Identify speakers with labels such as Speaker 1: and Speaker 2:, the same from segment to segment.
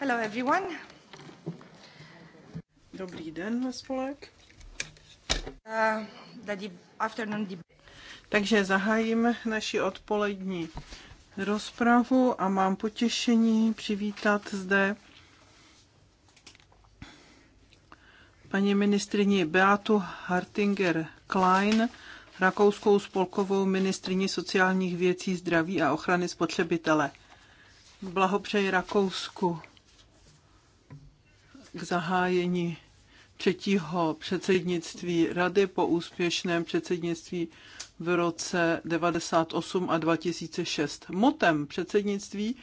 Speaker 1: Hello everyone. Dobrý den ve spolek.
Speaker 2: Uh, afternoon Takže zahájíme naši odpolední rozpravu a mám potěšení přivítat zde paní ministrině Beatu Hartinger Klein, rakouskou spolkovou ministrině sociálních věcí, zdraví a ochrany spotřebitele. Blahopřeji Rakousku k zahájení třetího předsednictví Rady po úspěšném předsednictví v roce 98 a 2006. Motem předsednictví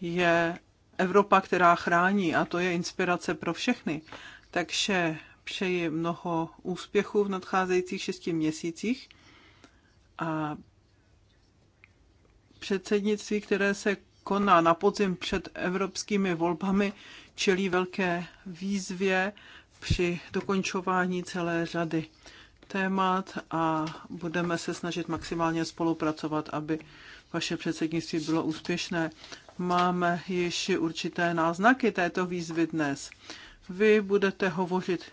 Speaker 2: je Evropa, která chrání a to je inspirace pro všechny. Takže přeji mnoho úspěchů v nadcházejících šesti měsících a předsednictví, které se koná na podzim před evropskými volbami, čelí velké výzvě při dokončování celé řady témat a budeme se snažit maximálně spolupracovat, aby vaše předsednictví bylo úspěšné. Máme již určité náznaky této výzvy dnes. Vy budete hovořit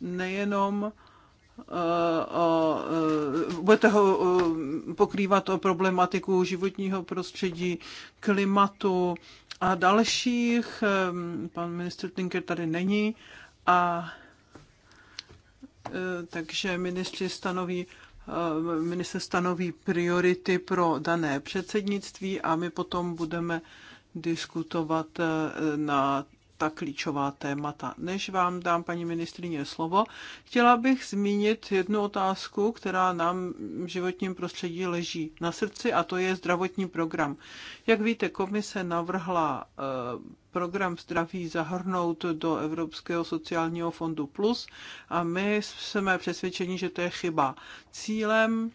Speaker 2: nejenom eh, o, eh, budete ho eh, pokrývat o problematiku životního prostředí, klimatu, a dalších. Ehm, pan ministr Tinker tady není a e, takže ministři stanoví e, minister stanoví priority pro dané předsednictví a my potom budeme diskutovat e, na ta klíčová témata. Než vám dám, paní ministrině, slovo, chtěla bych zmínit jednu otázku, která nám v životním prostředí leží na srdci, a to je zdravotní program. Jak víte, komise navrhla eh, program zdraví zahrnout do Evropského sociálního fondu Plus a my jsme přesvědčeni, že to je chyba. Cílem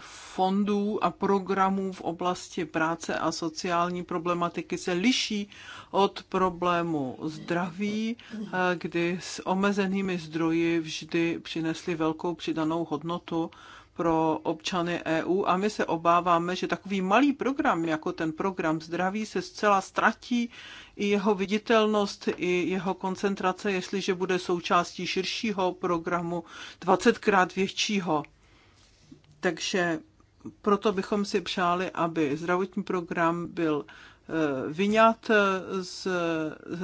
Speaker 2: fondů a programů v oblasti práce a sociální problematiky se liší od problému zdraví, eh, kdy s omezenými zdroji vždy přinesly velkou přidanou hodnotu pro občany EU a my se obáváme, že takový malý program, jako ten program zdraví, se zcela ztratí i jeho viditelnost, i jeho koncentrace, jestliže bude součástí širšího programu 20krát většího. Takže proto bychom si přáli, aby zdravotní program byl eh, vyňat eh, z,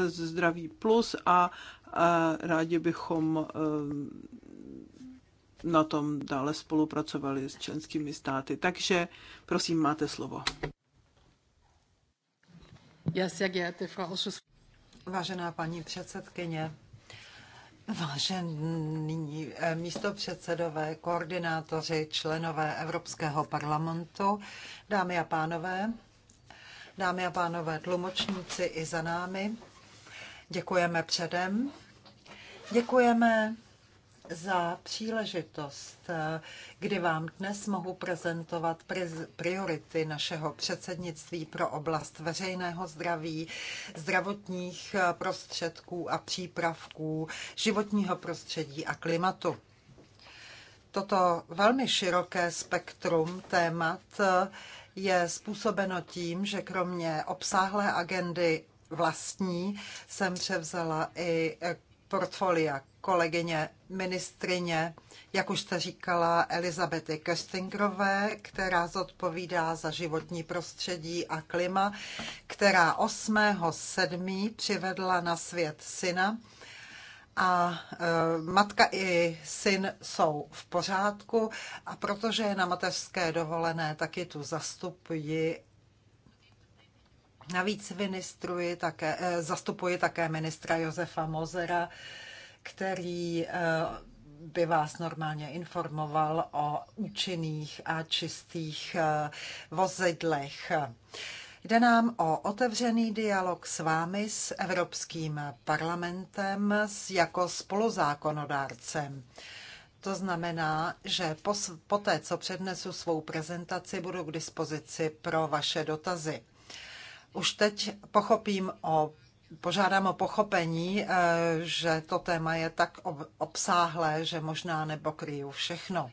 Speaker 2: z Zdraví Plus a, a rádi bychom eh, na tom dále spolupracovali s členskými státy. Takže prosím, máte slovo.
Speaker 3: Vážená paní předsedkyně, Vážení eh, předsedové koordinátoři, členové Evropského parlamentu, dámy a pánové, dámy a pánové tlumočníci i za námi, děkujeme předem. Děkujeme za příležitost, kdy vám dnes mohu prezentovat priority našeho předsednictví pro oblast veřejného zdraví, zdravotních prostředků a přípravků, životního prostředí a klimatu. Toto velmi široké spektrum témat je způsobeno tím, že kromě obsáhlé agendy vlastní jsem převzala i portfolia kolegyně ministrině, jak už jste říkala, Elizabety Köstingrové, která zodpovídá za životní prostředí a klima, která 8.7. přivedla na svět syna. A e, matka i syn jsou v pořádku a protože je na mateřské dovolené, taky tu zastupuji Navíc ministruji také, eh, zastupuji také ministra Josefa Mozera, který eh, by vás normálně informoval o účinných a čistých eh, vozidlech. Jde nám o otevřený dialog s vámi, s Evropským parlamentem, jako spoluzákonodárcem. To znamená, že po, té, co přednesu svou prezentaci, budu k dispozici pro vaše dotazy už teď pochopím o požádám o pochopení, eh, že to téma je tak obsáhlé, že možná nepokryju všechno.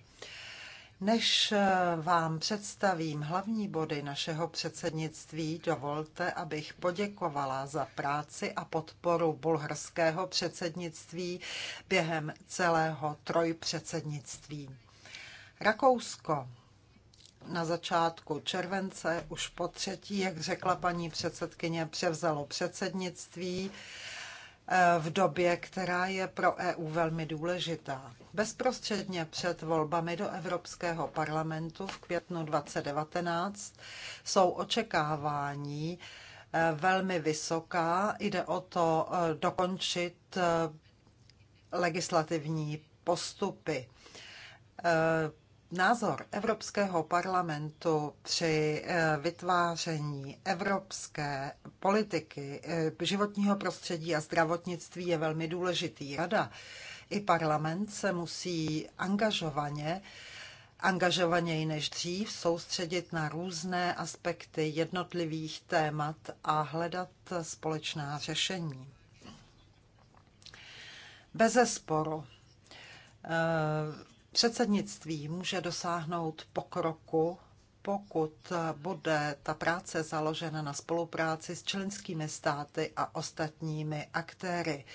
Speaker 3: Než eh, vám představím hlavní body našeho předsednictví, dovolte, abych poděkovala za práci a podporu bulharského předsednictví během celého trojpředsednictví. Rakousko na začátku července už po třetí, jak řekla paní předsedkyně, převzalo předsednictví eh, v době, která je pro EU velmi důležitá. Bezprostředně před volbami do Evropského parlamentu v květnu 2019 jsou očekávání eh, velmi vysoká. Jde o to eh, dokončit legislativní postupy názor Evropského parlamentu při eh, vytváření evropské politiky eh, životního prostředí a zdravotnictví je velmi důležitý. Rada i parlament se musí angažovaně angažovaněji než dřív soustředit na různé aspekty jednotlivých témat a hledat společná řešení. zesporu, eh, Předsednictví může dosáhnout pokroku, pokud bude ta práce založena na spolupráci s členskými státy a ostatními aktéry.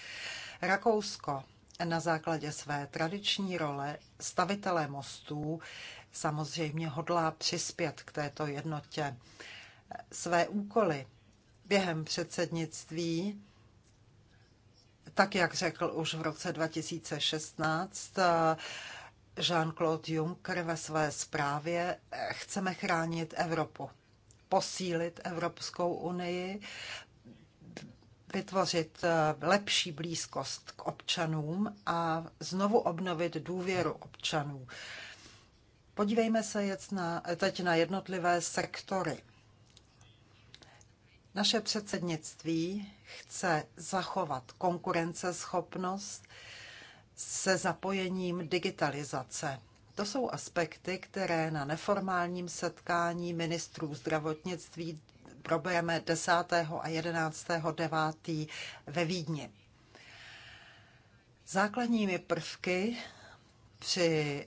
Speaker 3: Rakousko na základě své tradiční role stavitele mostů samozřejmě hodlá přispět k této jednotě. Své úkoly během předsednictví, tak jak řekl už v roce 2016, Jean-Claude Juncker ve své zprávě, eh, chceme chránit Evropu, posílit Evropskou unii, vytvořit eh, lepší blízkost k občanům a znovu obnovit důvěru občanů. Podívejme se na, teď na jednotlivé sektory. Naše předsednictví chce zachovat konkurenceschopnost, se zapojením digitalizace. To jsou aspekty, které na neformálním setkání ministrů zdravotnictví probereme 10. a 11. 9. ve Vídni. Základními prvky při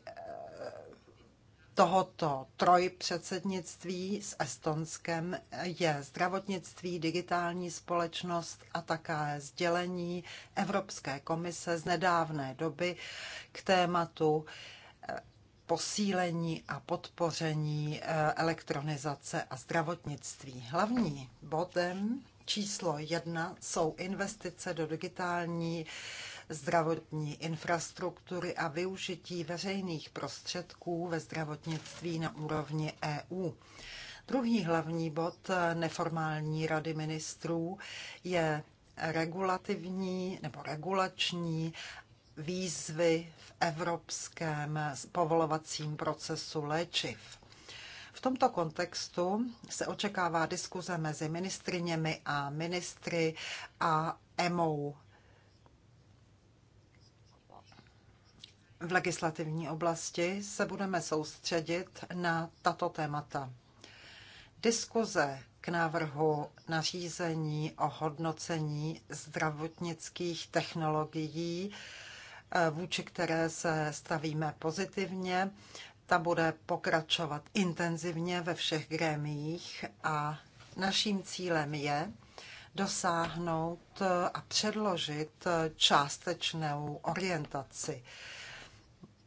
Speaker 3: tohoto trojpředsednictví s Estonskem je zdravotnictví, digitální společnost a také sdělení Evropské komise z nedávné doby k tématu eh, posílení a podpoření eh, elektronizace a zdravotnictví. Hlavní bodem číslo jedna jsou investice do digitální zdravotní infrastruktury a využití veřejných prostředků ve zdravotnictví na úrovni EU. Druhý hlavní bod neformální rady ministrů je regulativní nebo regulační výzvy v evropském povolovacím procesu léčiv. V tomto kontextu se očekává diskuze mezi ministriněmi a ministry a EMOU, v legislativní oblasti se budeme soustředit na tato témata. Diskuze k návrhu nařízení o hodnocení zdravotnických technologií, eh, vůči které se stavíme pozitivně, ta bude pokračovat intenzivně ve všech grémiích a naším cílem je dosáhnout a předložit částečnou orientaci.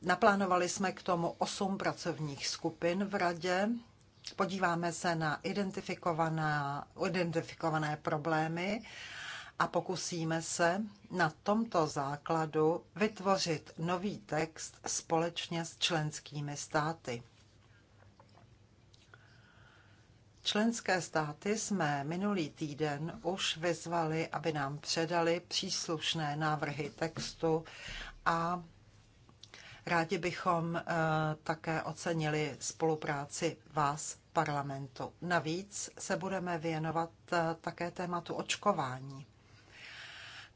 Speaker 3: Naplánovali jsme k tomu osm pracovních skupin v radě. Podíváme se na identifikované, identifikované problémy a pokusíme se na tomto základu vytvořit nový text společně s členskými státy. Členské státy jsme minulý týden už vyzvali, aby nám předali příslušné návrhy textu a Rádi bychom eh, také ocenili spolupráci vás, parlamentu. Navíc se budeme věnovat eh, také tématu očkování.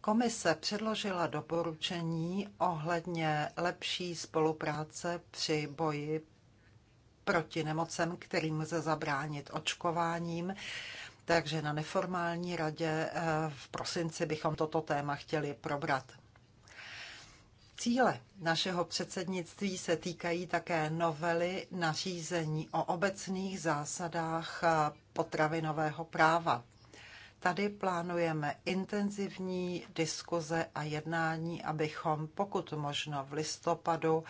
Speaker 3: Komise předložila doporučení ohledně lepší spolupráce při boji proti nemocem, kterým lze zabránit očkováním. Takže na neformální radě eh, v prosinci bychom toto téma chtěli probrat. Cíle našeho předsednictví se týkají také novely nařízení o obecných zásadách potravinového práva. Tady plánujeme intenzivní diskuze a jednání, abychom pokud možno v listopadu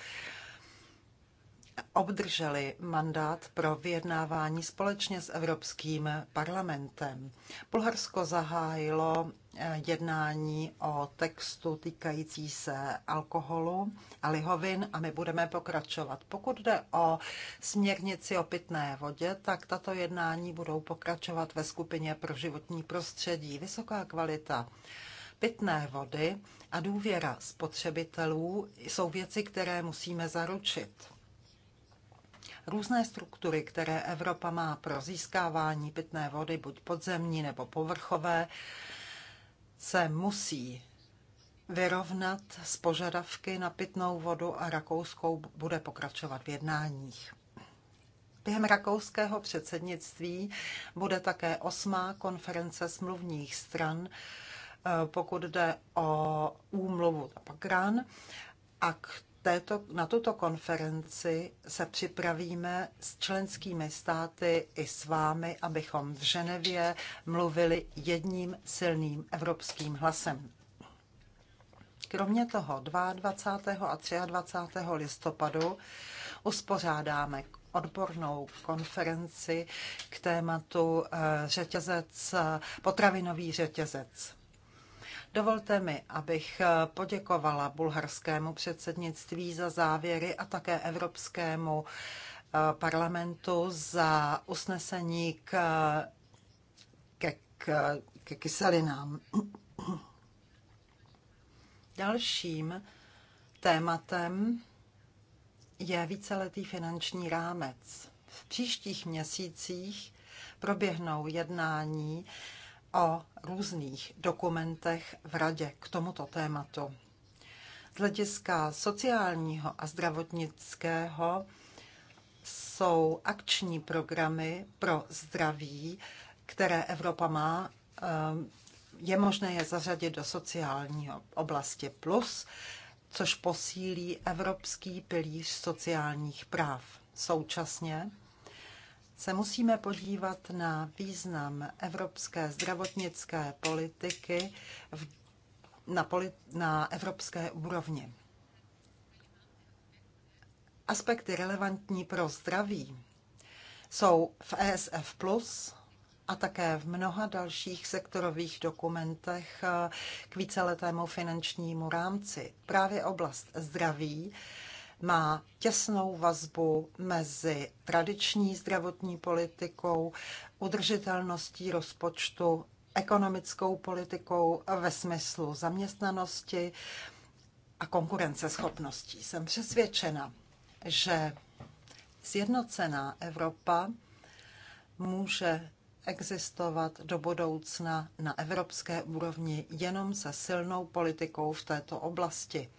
Speaker 3: obdrželi mandát pro vyjednávání společně s Evropským parlamentem. Bulharsko zahájilo eh, jednání o textu týkající se alkoholu a lihovin a my budeme pokračovat. Pokud jde o směrnici o pitné vodě, tak tato jednání budou pokračovat ve skupině pro životní prostředí. Vysoká kvalita pitné vody a důvěra spotřebitelů jsou věci, které musíme zaručit různé struktury, které Evropa má pro získávání pitné vody, buď podzemní nebo povrchové, se musí vyrovnat s požadavky na pitnou vodu a Rakouskou bude pokračovat v jednáních. Během rakouského předsednictví bude také osmá konference smluvních stran, eh, pokud jde o úmluvu Pakran. A k této, na tuto konferenci se připravíme s členskými státy i s vámi, abychom v Ženevě mluvili jedním silným evropským hlasem. Kromě toho 22. a 23. listopadu uspořádáme odbornou konferenci k tématu eh, řetězec, eh, potravinový řetězec. Dovolte mi, abych eh, poděkovala bulharskému předsednictví za závěry a také Evropskému eh, parlamentu za usnesení k, k, k, k kyselinám. Dalším tématem je víceletý finanční rámec. V příštích měsících proběhnou jednání o různých dokumentech v Radě k tomuto tématu. Z hlediska sociálního a zdravotnického jsou akční programy pro zdraví, které Evropa má. Eh, je možné je zařadit do sociální oblasti plus, což posílí evropský pilíř sociálních práv. Současně se musíme podívat na význam evropské zdravotnické politiky v, na, poli, na evropské úrovni. Aspekty relevantní pro zdraví jsou v ESF Plus a také v mnoha dalších sektorových dokumentech k víceletému finančnímu rámci. Právě oblast zdraví má těsnou vazbu mezi tradiční zdravotní politikou, udržitelností rozpočtu, ekonomickou politikou ve smyslu zaměstnanosti a konkurenceschopností. Jsem přesvědčena, že sjednocená Evropa může existovat do budoucna na evropské úrovni jenom se silnou politikou v této oblasti.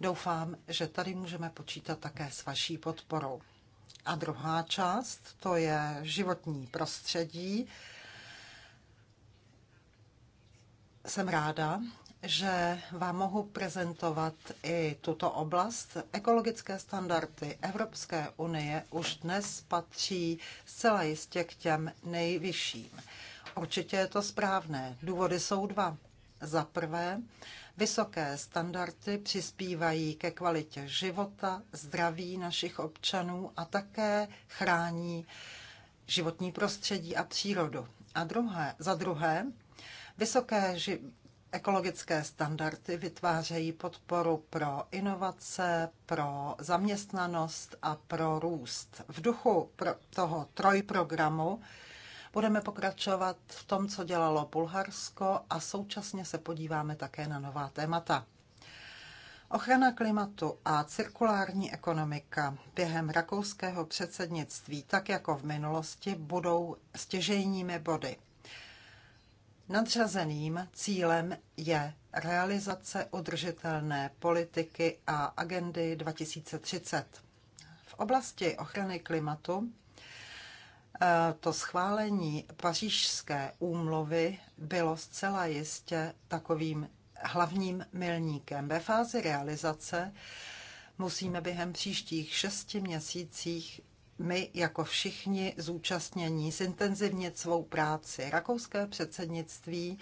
Speaker 3: Doufám, že tady můžeme počítat také s vaší podporou. A druhá část, to je životní prostředí. Jsem ráda, že vám mohu prezentovat i tuto oblast. Ekologické standardy Evropské unie už dnes patří zcela jistě k těm nejvyšším. Určitě je to správné. Důvody jsou dva. Za prvé, Vysoké standardy přispívají ke kvalitě života, zdraví našich občanů a také chrání životní prostředí a přírodu. A druhé, za druhé, vysoké ži- ekologické standardy vytvářejí podporu pro inovace, pro zaměstnanost a pro růst. V duchu pro toho trojprogramu Budeme pokračovat v tom, co dělalo Bulharsko a současně se podíváme také na nová témata. Ochrana klimatu a cirkulární ekonomika během rakouského předsednictví, tak jako v minulosti, budou stěžejními body. Nadřazeným cílem je realizace udržitelné politiky a agendy 2030. V oblasti ochrany klimatu Eh, to schválení pařížské úmluvy bylo zcela jistě takovým hlavním milníkem. Ve fázi realizace musíme během příštích šesti měsících my jako všichni zúčastnění zintenzivnit svou práci. Rakouské předsednictví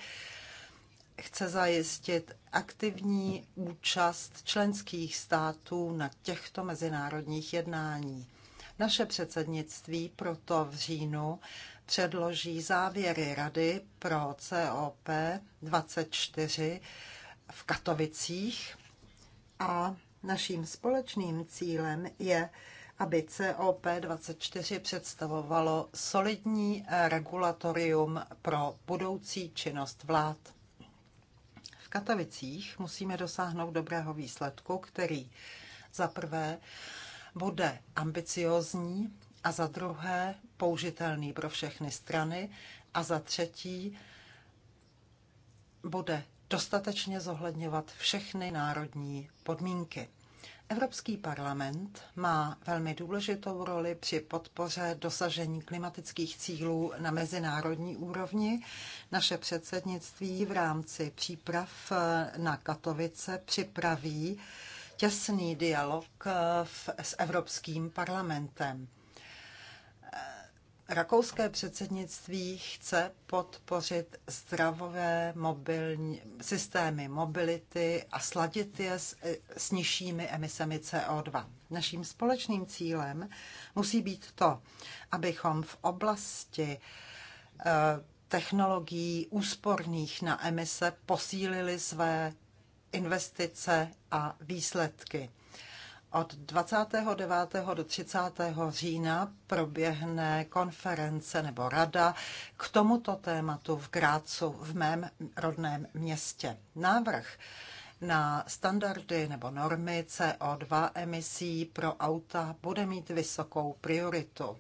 Speaker 3: chce zajistit aktivní účast členských států na těchto mezinárodních jednání. Naše předsednictví proto v říjnu předloží závěry Rady pro COP 24 v Katovicích a naším společným cílem je, aby COP24 představovalo solidní regulatorium pro budoucí činnost vlád. V Katovicích. musíme dosáhnout dobrého výsledku, který za prvé bude ambiciozní a za druhé použitelný pro všechny strany a za třetí bude dostatečně zohledňovat všechny národní podmínky. Evropský parlament má velmi důležitou roli při podpoře dosažení klimatických cílů na mezinárodní úrovni. Naše předsednictví v rámci příprav na Katovice připraví těsný dialog eh, s Evropským parlamentem. Eh, rakouské předsednictví chce podpořit zdravové mobilní, systémy mobility a sladit je s, eh, s nižšími emisemi CO2. Naším společným cílem musí být to, abychom v oblasti technologií úsporných na emise posílili své investice a výsledky. Od 29. do 30. října proběhne konference nebo rada k tomuto tématu v Grácu, v mém rodném městě. Návrh na standardy nebo normy CO2 emisí pro auta bude mít vysokou prioritu.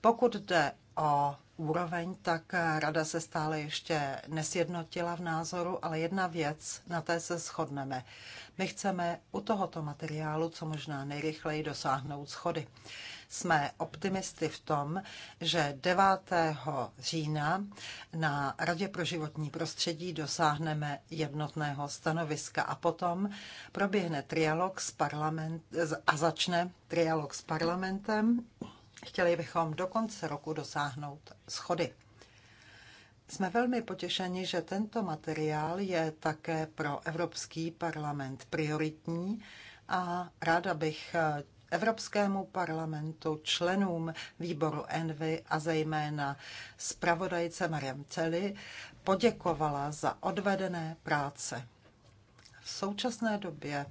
Speaker 3: Pokud jde o úroveň, tak rada se stále ještě nesjednotila v názoru, ale jedna věc, na té se shodneme. My chceme u tohoto materiálu co možná nejrychleji dosáhnout schody. Jsme optimisty v tom, že 9. října na Radě pro životní prostředí dosáhneme jednotného stanoviska a potom proběhne trialog s parlament, a začne trialog s parlamentem Chtěli bychom do konce roku dosáhnout schody. Jsme velmi potěšeni, že tento materiál je také pro Evropský parlament prioritní a ráda bych Evropskému parlamentu, členům výboru Envy a zejména zpravodajce Mariam Celi poděkovala za odvedené práce. V současné době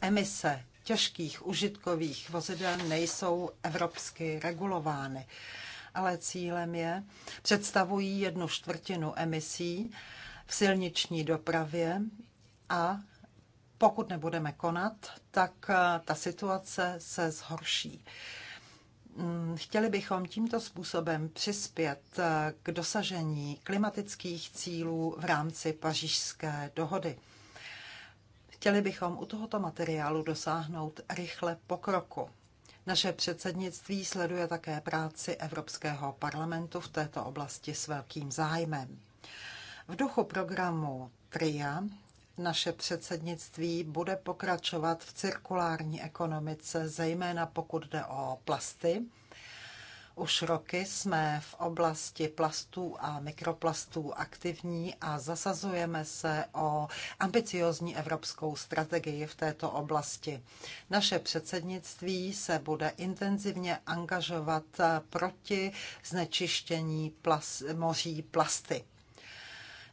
Speaker 3: emise těžkých užitkových vozidel nejsou evropsky regulovány. Ale cílem je, představují jednu čtvrtinu emisí v silniční dopravě a pokud nebudeme konat, tak eh, ta situace se zhorší. Mm, chtěli bychom tímto způsobem přispět eh, k dosažení klimatických cílů v rámci pařížské dohody. Chtěli bychom u tohoto materiálu dosáhnout rychle pokroku. Naše předsednictví sleduje také práci Evropského parlamentu v této oblasti s velkým zájmem. V duchu programu TRIA naše předsednictví bude pokračovat v cirkulární ekonomice, zejména pokud jde o plasty, už roky jsme v oblasti plastů a mikroplastů aktivní a zasazujeme se o ambiciozní evropskou strategii v této oblasti. Naše předsednictví se bude intenzivně angažovat proti znečištění plas, moří plasty.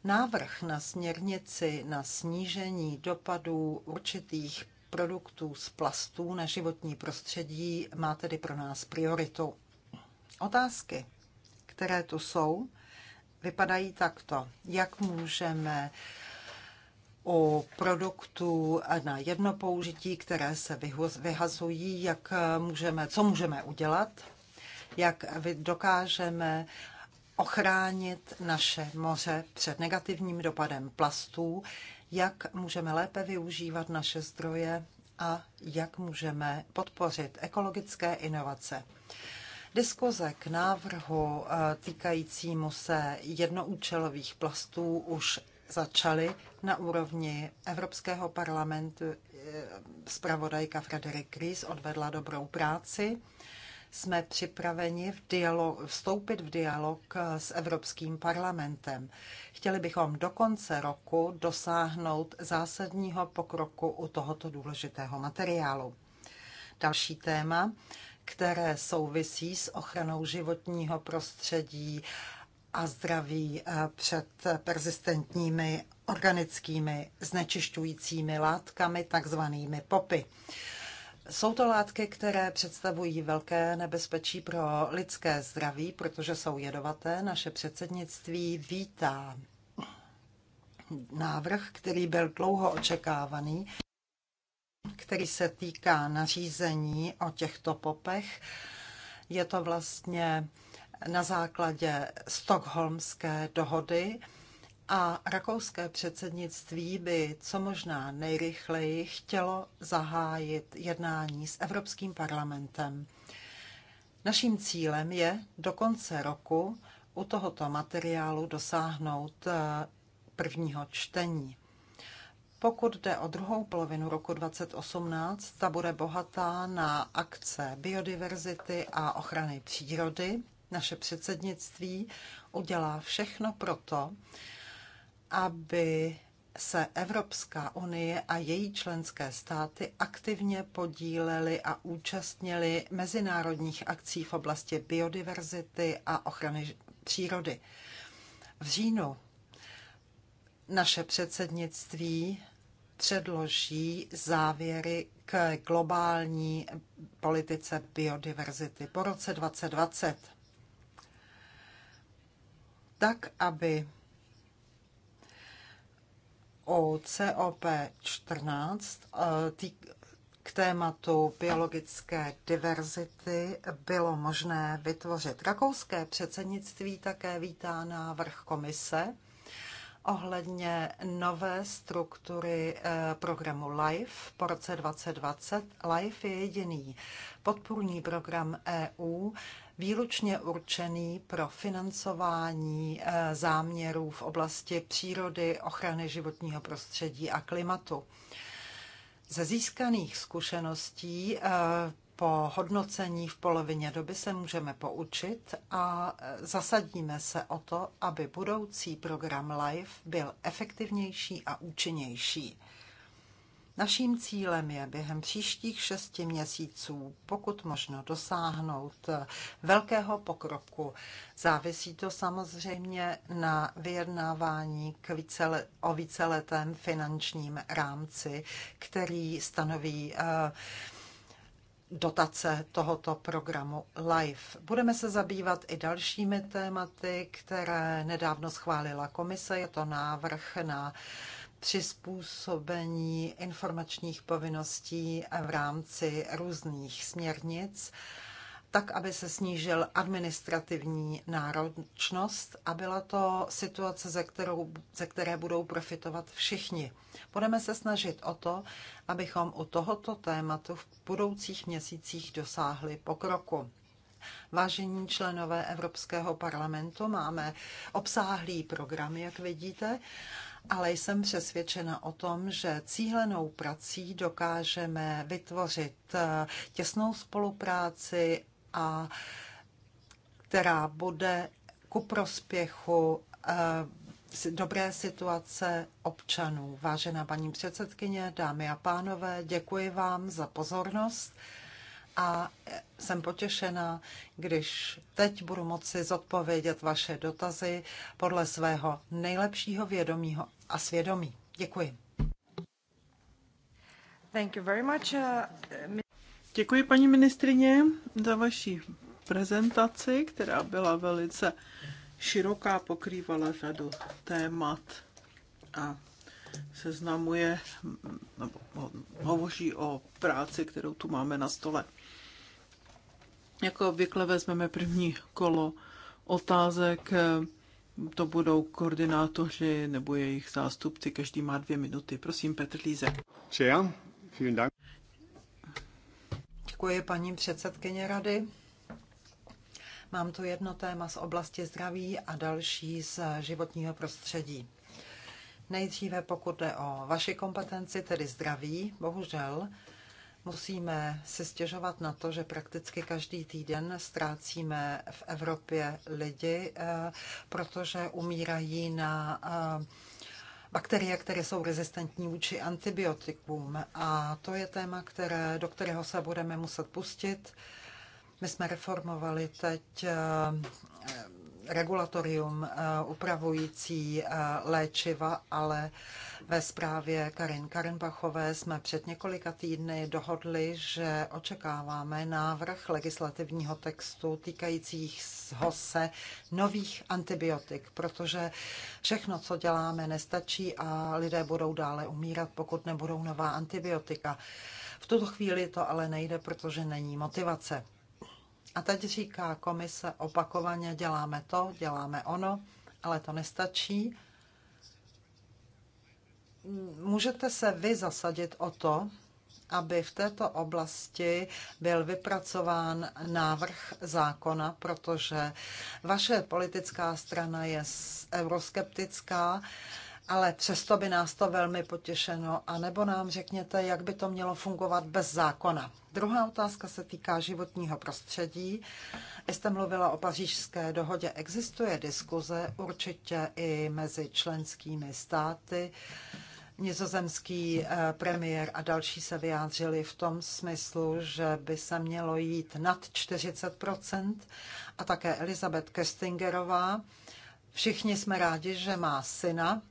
Speaker 3: Návrh na směrnici na snížení dopadů určitých produktů z plastů na životní prostředí má tedy pro nás prioritu. Otázky, které tu jsou, vypadají takto. Jak můžeme u produktů na jedno použití, které se vyhazují, jak můžeme, co můžeme udělat, jak dokážeme ochránit naše moře před negativním dopadem plastů, jak můžeme lépe využívat naše zdroje a jak můžeme podpořit ekologické inovace. Diskuze k návrhu eh, týkajícímu se jednoúčelových plastů už začaly na úrovni Evropského parlamentu. Spravodajka eh, Frederik Ries odvedla dobrou práci. Jsme připraveni v dialog, vstoupit v dialog eh, s Evropským parlamentem. Chtěli bychom do konce roku dosáhnout zásadního pokroku u tohoto důležitého materiálu. Další téma které souvisí s ochranou životního prostředí a zdraví eh, před persistentními organickými znečišťujícími látkami, takzvanými popy. Jsou to látky, které představují velké nebezpečí pro lidské zdraví, protože jsou jedovaté. Naše předsednictví vítá návrh, který byl dlouho očekávaný který se týká nařízení o těchto popech. Je to vlastně na základě Stockholmské dohody a rakouské předsednictví by co možná nejrychleji chtělo zahájit jednání s Evropským parlamentem. Naším cílem je do konce roku u tohoto materiálu dosáhnout eh, prvního čtení. Pokud jde o druhou polovinu roku 2018, ta bude bohatá na akce biodiverzity a ochrany přírody. Naše předsednictví udělá všechno proto, aby se Evropská unie a její členské státy aktivně podílely a účastnily mezinárodních akcí v oblasti biodiverzity a ochrany přírody. V říjnu naše předsednictví předloží závěry k globální politice biodiverzity po roce 2020. Tak, aby o COP14 eh, k tématu biologické diverzity bylo možné vytvořit. Rakouské předsednictví také vítá návrh komise ohledně nové struktury eh, programu LIFE po roce 2020. LIFE je jediný podpůrný program EU výlučně určený pro financování eh, záměrů v oblasti přírody, ochrany životního prostředí a klimatu. Ze získaných zkušeností eh, po hodnocení v polovině doby se můžeme poučit a zasadíme se o to, aby budoucí program LIFE byl efektivnější a účinnější. Naším cílem je během příštích šesti měsíců pokud možno dosáhnout velkého pokroku. Závisí to samozřejmě na vyjednávání k vícele, o víceletém finančním rámci, který stanoví eh, dotace tohoto programu LIFE. Budeme se zabývat i dalšími tématy, které nedávno schválila komise. Je to návrh na přizpůsobení informačních povinností v rámci různých směrnic tak, aby se snížil administrativní náročnost a byla to situace, ze, kterou, ze které budou profitovat všichni. Budeme se snažit o to, abychom u tohoto tématu v budoucích měsících dosáhli pokroku. Vážení členové Evropského parlamentu, máme obsáhlý program, jak vidíte, ale jsem přesvědčena o tom, že cílenou prací dokážeme vytvořit eh, těsnou spolupráci a která bude ku prospěchu eh, dobré situace občanů. Vážená paní předsedkyně, dámy a pánové, děkuji vám za pozornost a jsem potěšena, když teď budu moci zodpovědět vaše dotazy podle svého nejlepšího vědomího a svědomí. Děkuji.
Speaker 2: Thank you very much. Eh, Děkuji, paní ministrině, za vaši prezentaci, která byla velice široká, pokrývala řadu témat a seznamuje, nebo hovoří o práci, kterou tu máme na stole. Jako obvykle vezmeme první kolo otázek. To budou koordinátoři nebo jejich zástupci. Každý má dvě minuty. Prosím, Petr Líze. Sehr, vielen Dank. Děkuji paní předsedkyně rady.
Speaker 3: Mám tu jedno téma z oblasti zdraví a další z životního prostředí. Nejdříve, pokud jde o vaši kompetenci, tedy zdraví, bohužel musíme si stěžovat na to, že prakticky každý týden ztrácíme v Evropě lidi, eh, protože umírají na eh, bakterie, které jsou rezistentní vůči antibiotikům. A to je téma, které, do kterého se budeme muset pustit. My jsme reformovali teď eh, regulatorium eh, upravující eh, léčiva, ale ve zprávě Karin Karenbachové jsme před několika týdny dohodli, že očekáváme návrh legislativního textu týkajících se nových antibiotik, protože všechno, co děláme, nestačí a lidé budou dále umírat, pokud nebudou nová antibiotika. V tuto chvíli to ale nejde, protože není motivace. A teď říká komise opakovaně, děláme to, děláme ono, ale to nestačí. Můžete se vy zasadit o to, aby v této oblasti byl vypracován návrh zákona, protože vaše politická strana je euroskeptická ale přesto by nás to velmi potěšeno. A nebo nám řekněte, jak by to mělo fungovat bez zákona. Druhá otázka se týká životního prostředí. Jste mluvila o pařížské dohodě. Existuje diskuze určitě i mezi členskými státy. Nizozemský eh, premiér a další se vyjádřili v tom smyslu, že by se mělo jít nad 40 a také Elizabeth Kestingerová. Všichni jsme rádi, že má syna,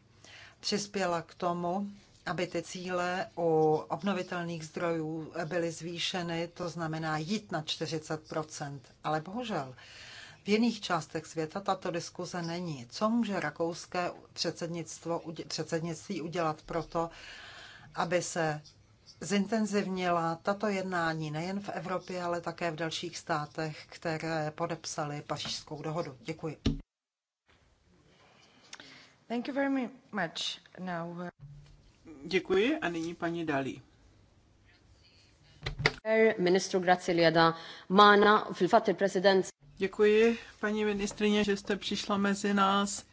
Speaker 3: přispěla k tomu, aby ty cíle u obnovitelných zdrojů byly zvýšeny, to znamená jít na 40 Ale bohužel v jiných částech světa tato diskuze není. Co může rakouské předsednictvo, předsednictví udělat proto, aby se zintenzivnila tato jednání nejen v Evropě, ale také v dalších státech, které podepsaly pařížskou dohodu. Děkuji.
Speaker 2: Thank you very much. Now, uh... Děkuji a nyní paní Dalí. Ministru Graziljeda Mána, fil-fat Děkuji, paní ministrině, že jste přišla mezi nás.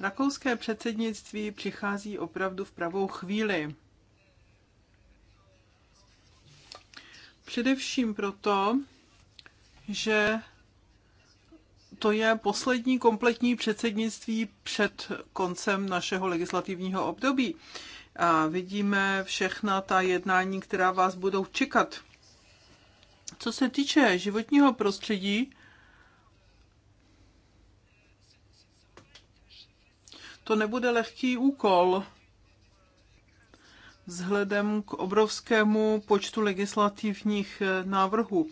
Speaker 2: Rakouské předsednictví přichází opravdu v pravou chvíli. Především proto, že to je poslední kompletní předsednictví před koncem našeho legislativního období. A vidíme všechna ta jednání, která vás budou čekat. Co se týče životního prostředí, to nebude lehký úkol vzhledem k obrovskému počtu legislativních návrhů.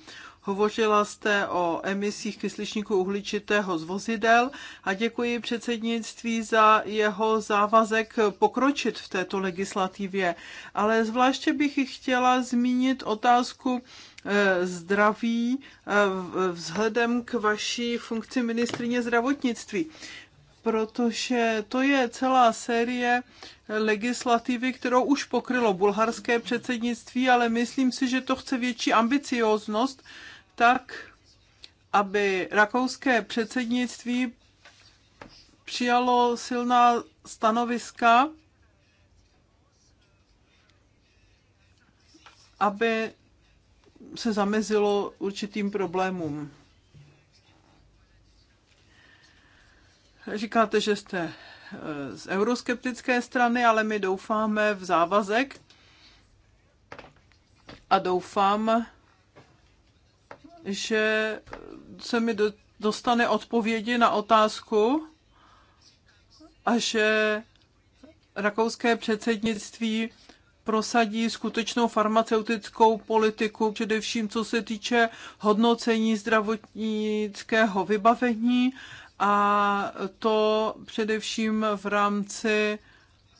Speaker 2: Hovořila jste o emisích kysličníku uhličitého z vozidel a děkuji předsednictví za jeho závazek pokročit v této legislativě. Ale zvláště bych chtěla zmínit otázku eh, zdraví eh, vzhledem k vaší funkci ministrině zdravotnictví protože to je celá série legislativy, kterou už pokrylo bulharské předsednictví, ale myslím si, že to chce větší ambicioznost, tak, aby rakouské předsednictví přijalo silná stanoviska, aby se zamezilo určitým problémům. Říkáte, že jste eh, z euroskeptické strany, ale my doufáme v závazek a doufám, že se mi dostane odpovědi na otázku a že rakouské předsednictví prosadí skutečnou farmaceutickou politiku, především co se týče hodnocení zdravotnického vybavení a to především v rámci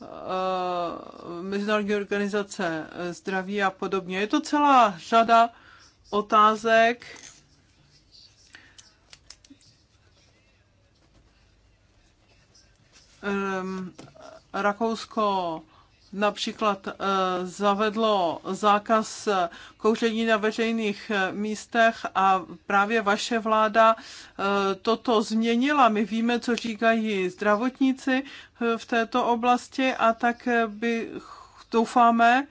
Speaker 2: eh, Mezinárodní organizace zdraví a podobně. Je to celá řada otázek. Ehm, Rakousko například eh, zavedlo zákaz eh, kouření na veřejných eh, místech a právě vaše vláda toto změnila. My víme, co říkají zdravotníci v této oblasti a tak by doufáme,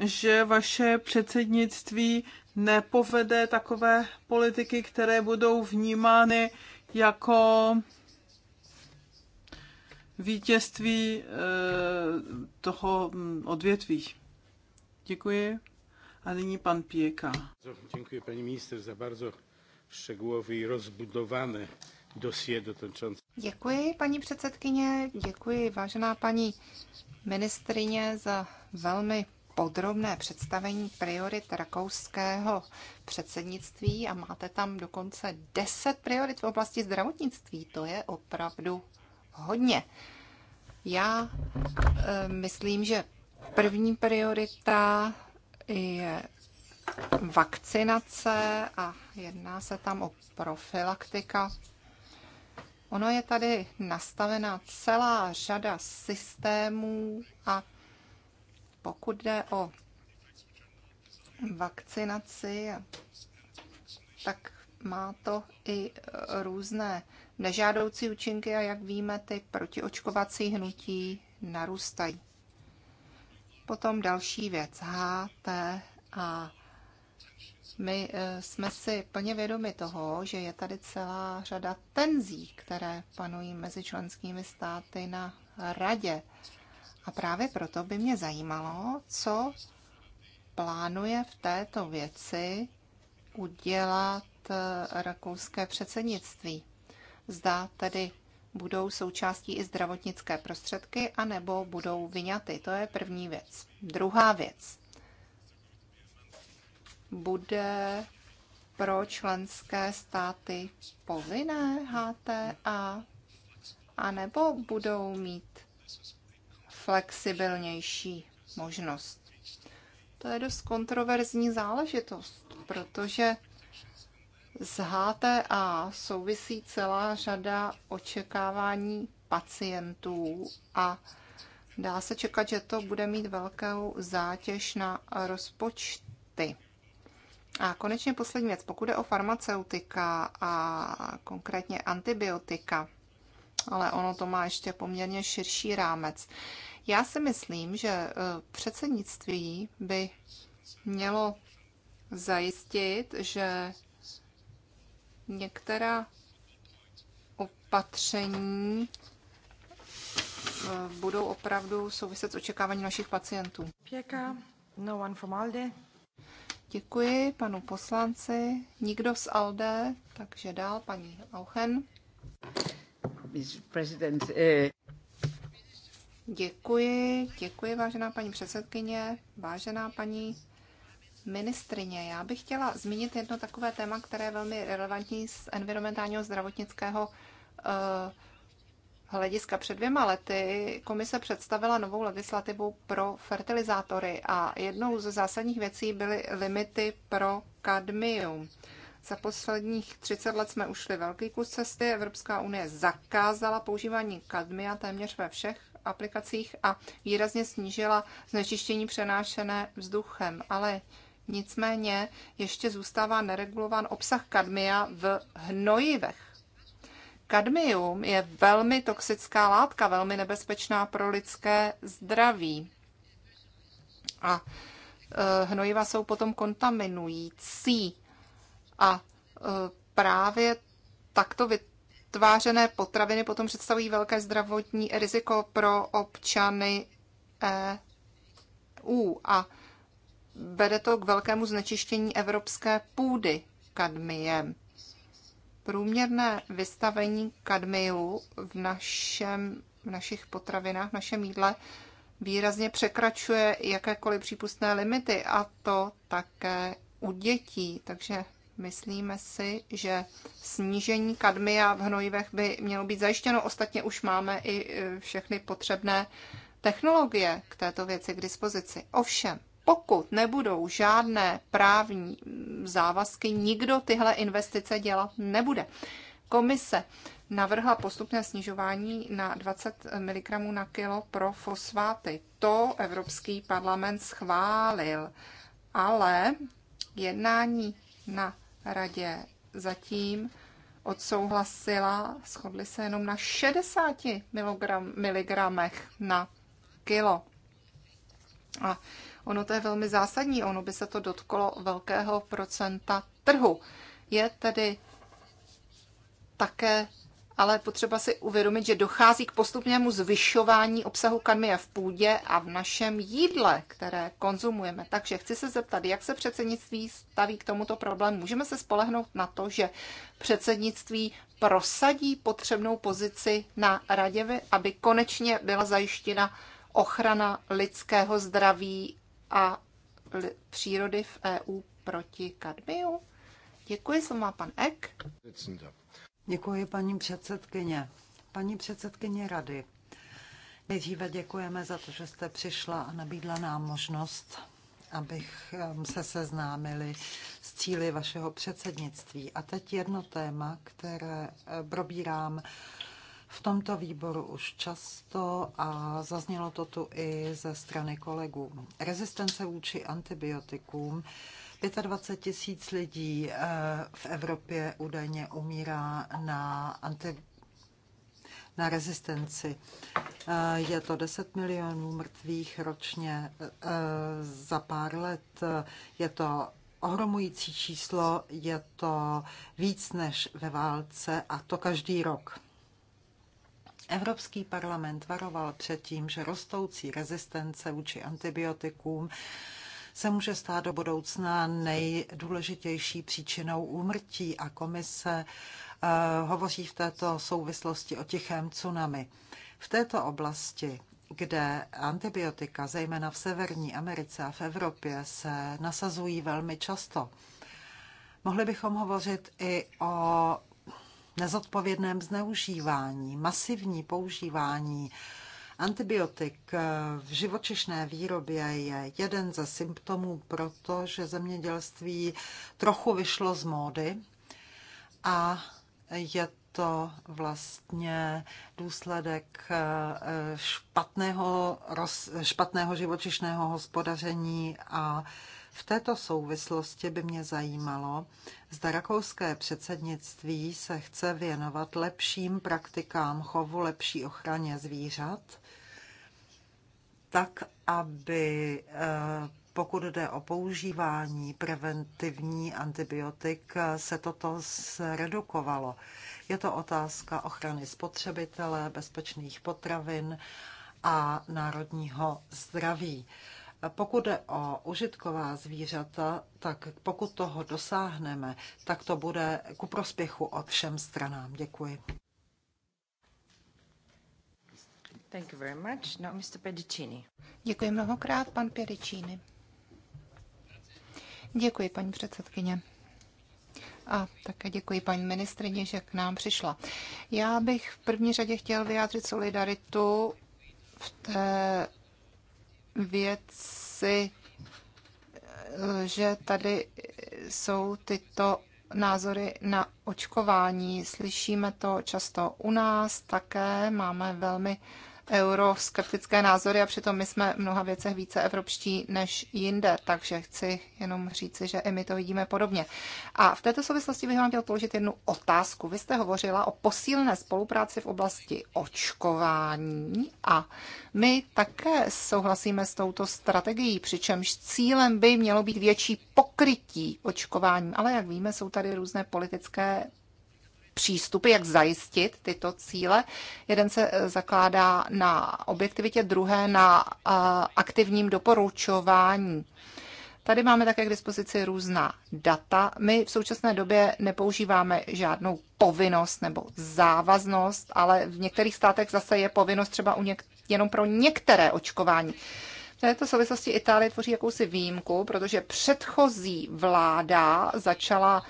Speaker 2: že vaše předsednictví nepovede takové politiky, které budou vnímány jako vítězství eh, toho hm, odvětví. Děkuji. A nyní pan Pěka. Děkuji paní minister za bardzo szczegółowy i rozbudowany dosie dotyczące.
Speaker 1: Děkuji, paní předsedkyně, děkuji, vážená paní ministrině, za velmi podrobné představení priorit rakouského předsednictví a máte tam dokonce 10 priorit v oblasti zdravotnictví. To je opravdu hodně. Já e, myslím, že první priorita je vakcinace a jedná se tam o profilaktika. Ono je tady nastavena celá řada systémů a pokud jde o vakcinaci, tak má to i e, různé nežádoucí účinky a jak víme, ty protiočkovací hnutí narůstají. Potom další věc, a My e, jsme si plně vědomi toho, že je tady celá řada tenzí, které panují mezi členskými státy na radě. A právě proto by mě zajímalo, co plánuje v této věci udělat eh, rakouské předsednictví. Zda tedy budou součástí i zdravotnické prostředky, anebo budou vyňaty. To je první věc. Druhá věc. Bude pro členské státy povinné HTA, anebo budou mít flexibilnější možnost. To je dost kontroverzní záležitost, protože z HTA souvisí celá řada očekávání pacientů a dá se čekat, že to bude mít velkou zátěž na rozpočty. A konečně poslední věc, pokud je o farmaceutika a konkrétně antibiotika, ale ono to má ještě poměrně širší rámec. Já si myslím, že eh, předsednictví by mělo zajistit, že některá opatření eh, budou opravdu souviset s očekávání našich pacientů. Pěka, no one from Alde. Děkuji panu poslanci. Nikdo z Alde, takže dál paní Auchen. Eh. Děkuji, děkuji, vážená paní předsedkyně, vážená paní ministrině. Já bych chtěla zmínit jedno takové téma, které je velmi relevantní z environmentálního zdravotnického uh, hlediska. Před dvěma lety komise představila novou legislativu pro fertilizátory a jednou ze zásadních věcí byly limity pro kadmium. Za posledních 30 let jsme ušli velký kus cesty. Evropská unie zakázala používání kadmia téměř ve všech aplikacích a výrazně snížila znečištění přenášené vzduchem. Ale nicméně ještě zůstává neregulován obsah kadmia v hnojivech. Kadmium je velmi toxická látka, velmi nebezpečná pro lidské zdraví. A e, hnojiva jsou potom kontaminující. A e, právě takto vytvářené potraviny potom představují velké zdravotní riziko pro občany EU a vede to k velkému znečištění evropské půdy kadmiem. Průměrné vystavení kadmiu v, našem, v našich potravinách, v našem jídle, výrazně překračuje jakékoliv přípustné limity a to také u dětí. Takže Myslíme si, že snížení kadmia v hnojivech by mělo být zajištěno. Ostatně už máme i e, všechny potřebné technologie k této věci k dispozici. Ovšem, pokud nebudou žádné právní závazky, nikdo tyhle investice dělat nebude. Komise navrhla postupné snižování na 20 mg na kilo pro fosfáty. To Evropský parlament schválil, ale jednání na radě zatím odsouhlasila, shodli se jenom na 60 miligramech na kilo. A ono to je velmi zásadní, ono by se to dotklo velkého procenta trhu. Je tedy také ale potřeba si uvědomit, že dochází k postupnému zvyšování obsahu kadmia v půdě a v našem jídle, které konzumujeme. Takže chci se zeptat, jak se předsednictví staví k tomuto problému. Můžeme se spolehnout na to, že předsednictví prosadí potřebnou pozici na radě, aby konečně byla zajištěna ochrana lidského zdraví a přírody v EU proti kadmiu? Děkuji, slovo má pan Ek.
Speaker 3: Děkuji, paní předsedkyně. Paní předsedkyně rady, nejdříve děkujeme za to, že jste přišla a nabídla nám možnost, abych um, se seznámili s cíly vašeho předsednictví. A teď jedno téma, které eh, probírám v tomto výboru už často a zaznělo to tu i ze strany kolegů. Rezistence vůči antibiotikům 25 tisíc lidí eh, v Evropě údajně umírá na, anti, na rezistenci. Eh, je to 10 milionů mrtvých ročně eh, za pár let. Je to ohromující číslo, je to víc než ve válce a to každý rok. Evropský parlament varoval před tím, že rostoucí rezistence vůči antibiotikům se může stát do budoucna nejdůležitější příčinou úmrtí a komise eh, hovoří v této souvislosti o tichém tsunami. V této oblasti kde antibiotika, zejména v Severní Americe a v Evropě, se nasazují velmi často. Mohli bychom hovořit i o nezodpovědném zneužívání, masivní používání Antibiotik v živočišné výrobě je jeden ze symptomů, protože zemědělství trochu vyšlo z módy a je to vlastně důsledek eh, špatného, špatného živočišného hospodaření a v této souvislosti by mě zajímalo, zda rakouské předsednictví se chce věnovat lepším praktikám chovu, lepší ochraně zvířat tak, aby eh, pokud jde o používání preventivní antibiotik, eh, se toto zredukovalo. Je to otázka ochrany spotřebitele, bezpečných potravin a národního zdraví. Eh, pokud jde o užitková zvířata, tak pokud toho dosáhneme, tak to bude ku prospěchu od
Speaker 1: všem stranám. Děkuji. Thank you very much. Now, Mr. Pedicini. Děkuji mnohokrát, pan Pedicini. Děkuji, paní předsedkyně. A také děkuji paní ministrině, že k nám přišla. Já bych v první řadě chtěl vyjádřit solidaritu v té věci, že tady jsou tyto názory na očkování. Slyšíme to často u nás také, máme velmi euroskeptické názory a přitom my jsme v mnoha věcech více evropští než jinde, takže chci jenom říci, že i my to vidíme podobně. A v této souvislosti bych vám chtěl položit jednu otázku. Vy jste hovořila o posílné spolupráci v oblasti očkování a my také souhlasíme s touto strategií, přičemž cílem by mělo být větší pokrytí očkováním, ale jak víme, jsou tady různé politické přístupy, jak zajistit tyto cíle. Jeden se eh, zakládá na objektivitě, druhé na eh, aktivním doporučování. Tady máme také k dispozici různá data. My v současné době nepoužíváme žádnou povinnost nebo závaznost, ale v některých státech zase je povinnost třeba u něk- jenom pro některé očkování. V této souvislosti Itálie tvoří jakousi výjimku, protože předchozí vláda začala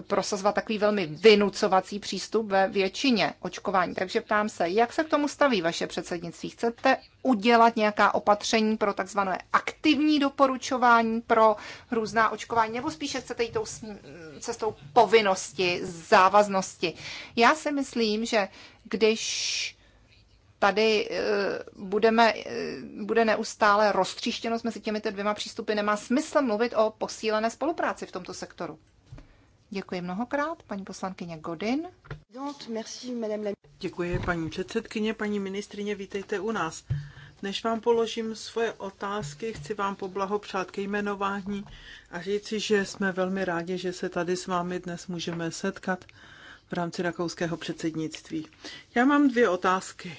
Speaker 1: prosazovat takový velmi vynucovací přístup ve většině očkování. Takže ptám se, jak se k tomu staví vaše předsednictví? Chcete udělat nějaká opatření pro takzvané aktivní doporučování pro různá očkování, nebo spíše chcete jít tou cestou povinnosti, závaznosti? Já si myslím, že když tady eh, budeme, eh, bude neustále roztříštěnost mezi těmito dvěma přístupy, nemá smysl mluvit o posílené spolupráci v tomto sektoru. Děkuji mnohokrát, paní poslankyně Godin.
Speaker 2: Děkuji, paní předsedkyně, paní ministrině, vítejte u nás. Než vám položím svoje otázky, chci vám poblahopřát ke jmenování a říci, že jsme velmi rádi, že se tady s vámi dnes můžeme setkat v rámci rakouského předsednictví. Já mám dvě otázky.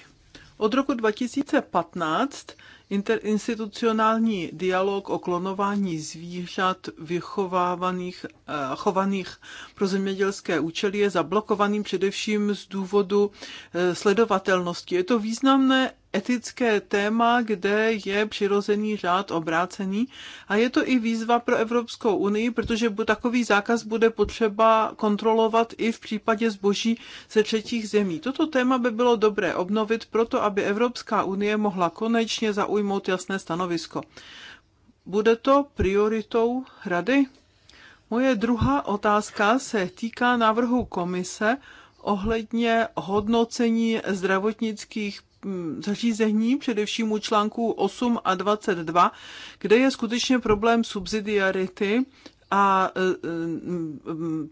Speaker 2: Od roku 2015 interinstitucionální dialog o klonování zvířat vychovávaných, eh, chovaných pro zemědělské účely je zablokovaným především z důvodu eh, sledovatelnosti. Je to významné etické téma, kde je přirozený řád obrácený. A je to i výzva pro Evropskou unii, protože takový zákaz bude potřeba kontrolovat i v případě zboží ze třetích zemí. Toto téma by bylo dobré obnovit proto, aby Evropská unie mohla konečně zaujmout jasné stanovisko. Bude to prioritou Rady? Moje druhá otázka se týká návrhu komise ohledně hodnocení zdravotnických Mm, zařízení, především u článku 8 a 22, kde je skutečně problém subsidiarity a e, e,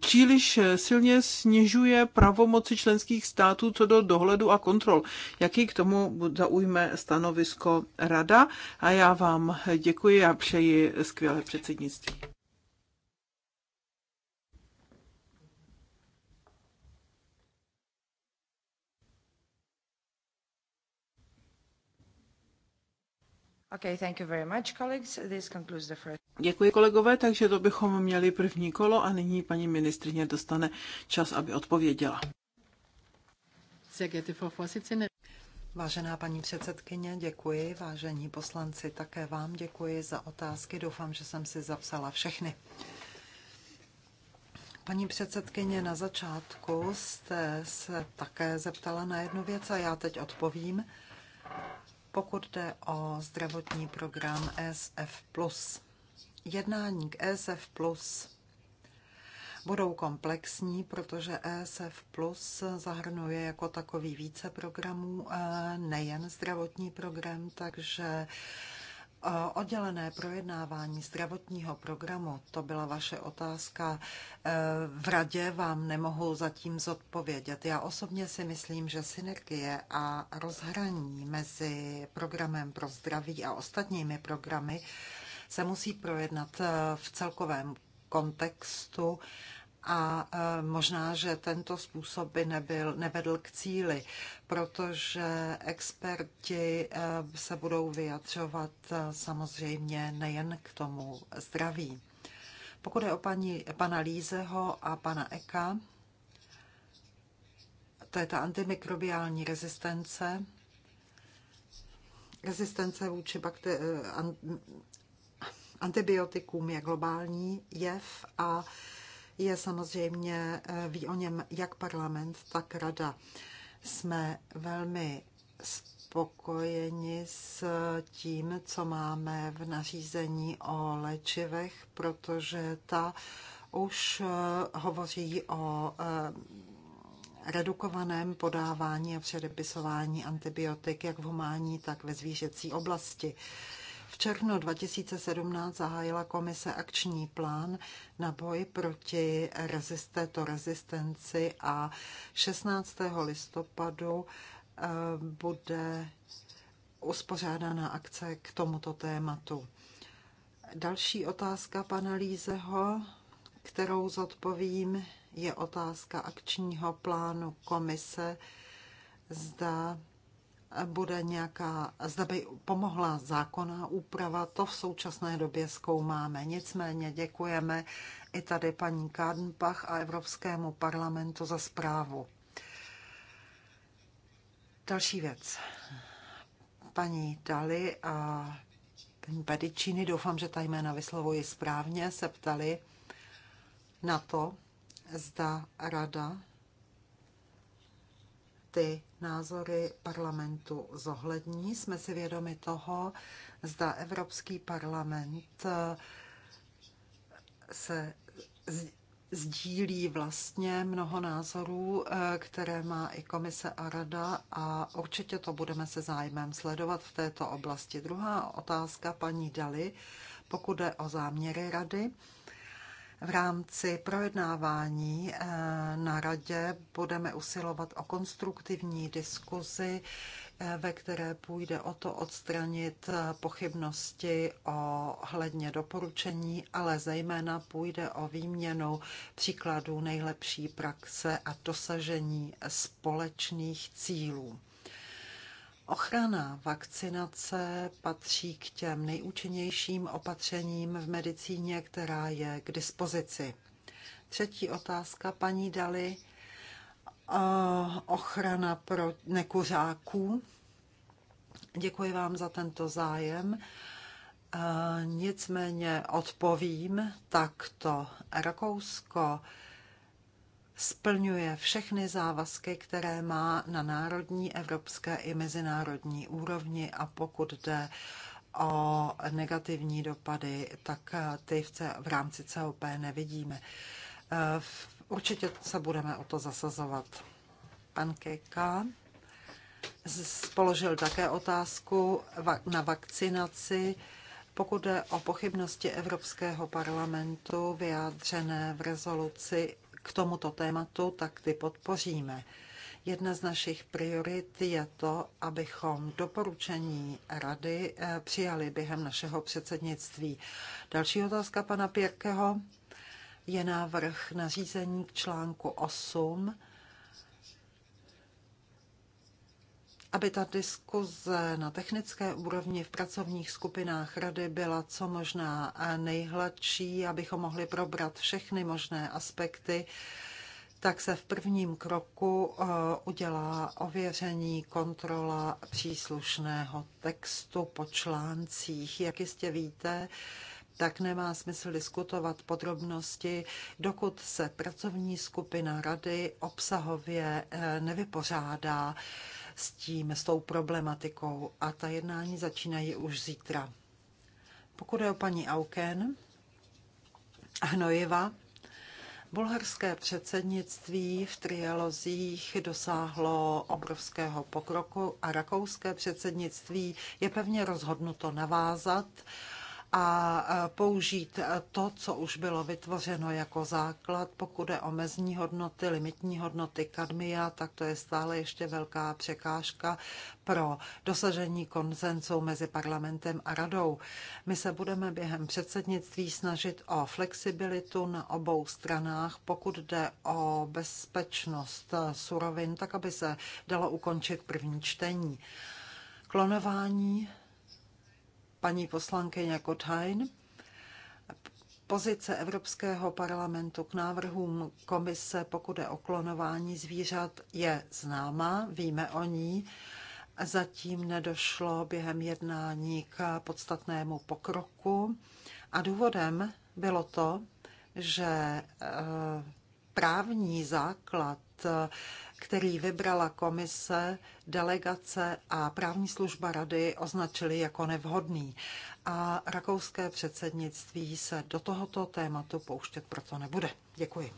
Speaker 2: příliš silně snižuje pravomoci členských států co do dohledu a kontrol. Jaký k tomu zaujme stanovisko rada? A já vám děkuji a přeji skvělé předsednictví. Děkuji kolegové, takže to bychom měli první kolo a nyní paní ministrině dostane čas, aby odpověděla.
Speaker 3: Vážená paní předsedkyně, děkuji. Vážení poslanci, také vám děkuji za otázky. Doufám, že jsem si zapsala všechny. Paní předsedkyně, na začátku jste se také zeptala na jednu věc a já teď odpovím pokud jde o zdravotní program ESF+. Jednání k ESF+, budou komplexní, protože ESF Plus zahrnuje jako takový více programů, e, nejen zdravotní program, takže Oddělené projednávání zdravotního programu, to byla vaše otázka. Eh, v radě vám nemohu zatím zodpovědět. Já osobně si myslím, že synergie a rozhraní mezi programem pro zdraví a ostatními programy se musí projednat eh, v celkovém kontextu a eh, možná, že tento způsob by nebyl, nevedl k cíli, protože experti eh, se budou vyjadřovat eh, samozřejmě nejen k tomu zdraví. Pokud je o paní, pana Lízeho a pana Eka, to je ta antimikrobiální rezistence, rezistence vůči bakter- antibiotikům je globální jev a je samozřejmě, eh, ví o něm jak parlament, tak rada. Jsme velmi spokojeni s tím, co máme v nařízení o léčivech, protože ta už eh, hovoří o eh, redukovaném podávání a předepisování antibiotik jak v humánní, tak ve zvířecí oblasti. V červnu 2017 zahájila komise akční plán na boj proti rezistéto rezistenci a 16. listopadu eh, bude uspořádána akce k tomuto tématu. Další otázka pana Lízeho, kterou zodpovím, je otázka akčního plánu komise, zda bude nějaká, zda by pomohla zákonná úprava, to v současné době zkoumáme. Nicméně děkujeme i tady paní Kádenpach a Evropskému parlamentu za zprávu. Další věc. Paní Dali a paní Pedicini, doufám, že ta jména vyslovuji správně, se ptali na to, zda rada ty názory parlamentu zohlední. Jsme si vědomi toho, zda Evropský parlament eh, se sdílí vlastně mnoho názorů, eh, které má i komise a rada a určitě to budeme se zájmem sledovat v této oblasti. Druhá otázka paní Dali, pokud jde o záměry rady. V rámci projednávání eh, na radě budeme usilovat o konstruktivní diskuzi, eh, ve které půjde o to odstranit eh, pochybnosti o hledně doporučení, ale zejména půjde o výměnu příkladů nejlepší praxe a dosažení společných cílů. Ochrana vakcinace patří k těm nejúčinnějším opatřením v medicíně, která je k dispozici. Třetí otázka, paní Dali. Eh, ochrana pro nekuřáků. Děkuji vám za tento zájem. Eh, nicméně odpovím takto. Rakousko splňuje všechny závazky, které má na národní, evropské i mezinárodní úrovni a pokud jde o negativní dopady, tak ty v, C, v rámci COP nevidíme. Eh, určitě se budeme o to zasazovat. Pan Keka položil také otázku na vakcinaci. Pokud jde o pochybnosti Evropského parlamentu vyjádřené v rezoluci k tomuto tématu, tak ty podpoříme. Jedna z našich priorit je to, abychom doporučení rady eh, přijali během našeho předsednictví. Další otázka pana Pěrkeho je návrh nařízení k článku 8 aby ta diskuze na technické úrovni v pracovních skupinách rady byla co možná nejhladší, abychom mohli probrat všechny možné aspekty, tak se v prvním kroku eh, udělá ověření kontrola příslušného textu po článcích. Jak jistě víte, tak nemá smysl diskutovat podrobnosti, dokud se pracovní skupina rady obsahově eh, nevypořádá s tím, s tou problematikou a ta jednání začínají už zítra. Pokud je o paní Auken a Hnojiva, Bulharské předsednictví v trialozích dosáhlo obrovského pokroku a rakouské předsednictví je pevně rozhodnuto navázat a e, použít e, to, co už bylo vytvořeno jako základ. Pokud je o mezní hodnoty, limitní hodnoty kadmia, tak to je stále ještě velká překážka pro dosažení konsenzu mezi parlamentem a radou. My se budeme během předsednictví snažit o flexibilitu na obou stranách, pokud jde o bezpečnost surovin, tak aby se dalo ukončit první čtení. Klonování paní poslankyně Kothain. Pozice Evropského parlamentu k návrhům komise, pokud je o klonování zvířat, je známa, víme o ní. Zatím nedošlo během jednání k podstatnému pokroku a důvodem bylo to, že eh, právní základ který vybrala komise, delegace a právní služba rady označili jako nevhodný. A rakouské předsednictví se do tohoto tématu pouštět proto nebude. Děkuji.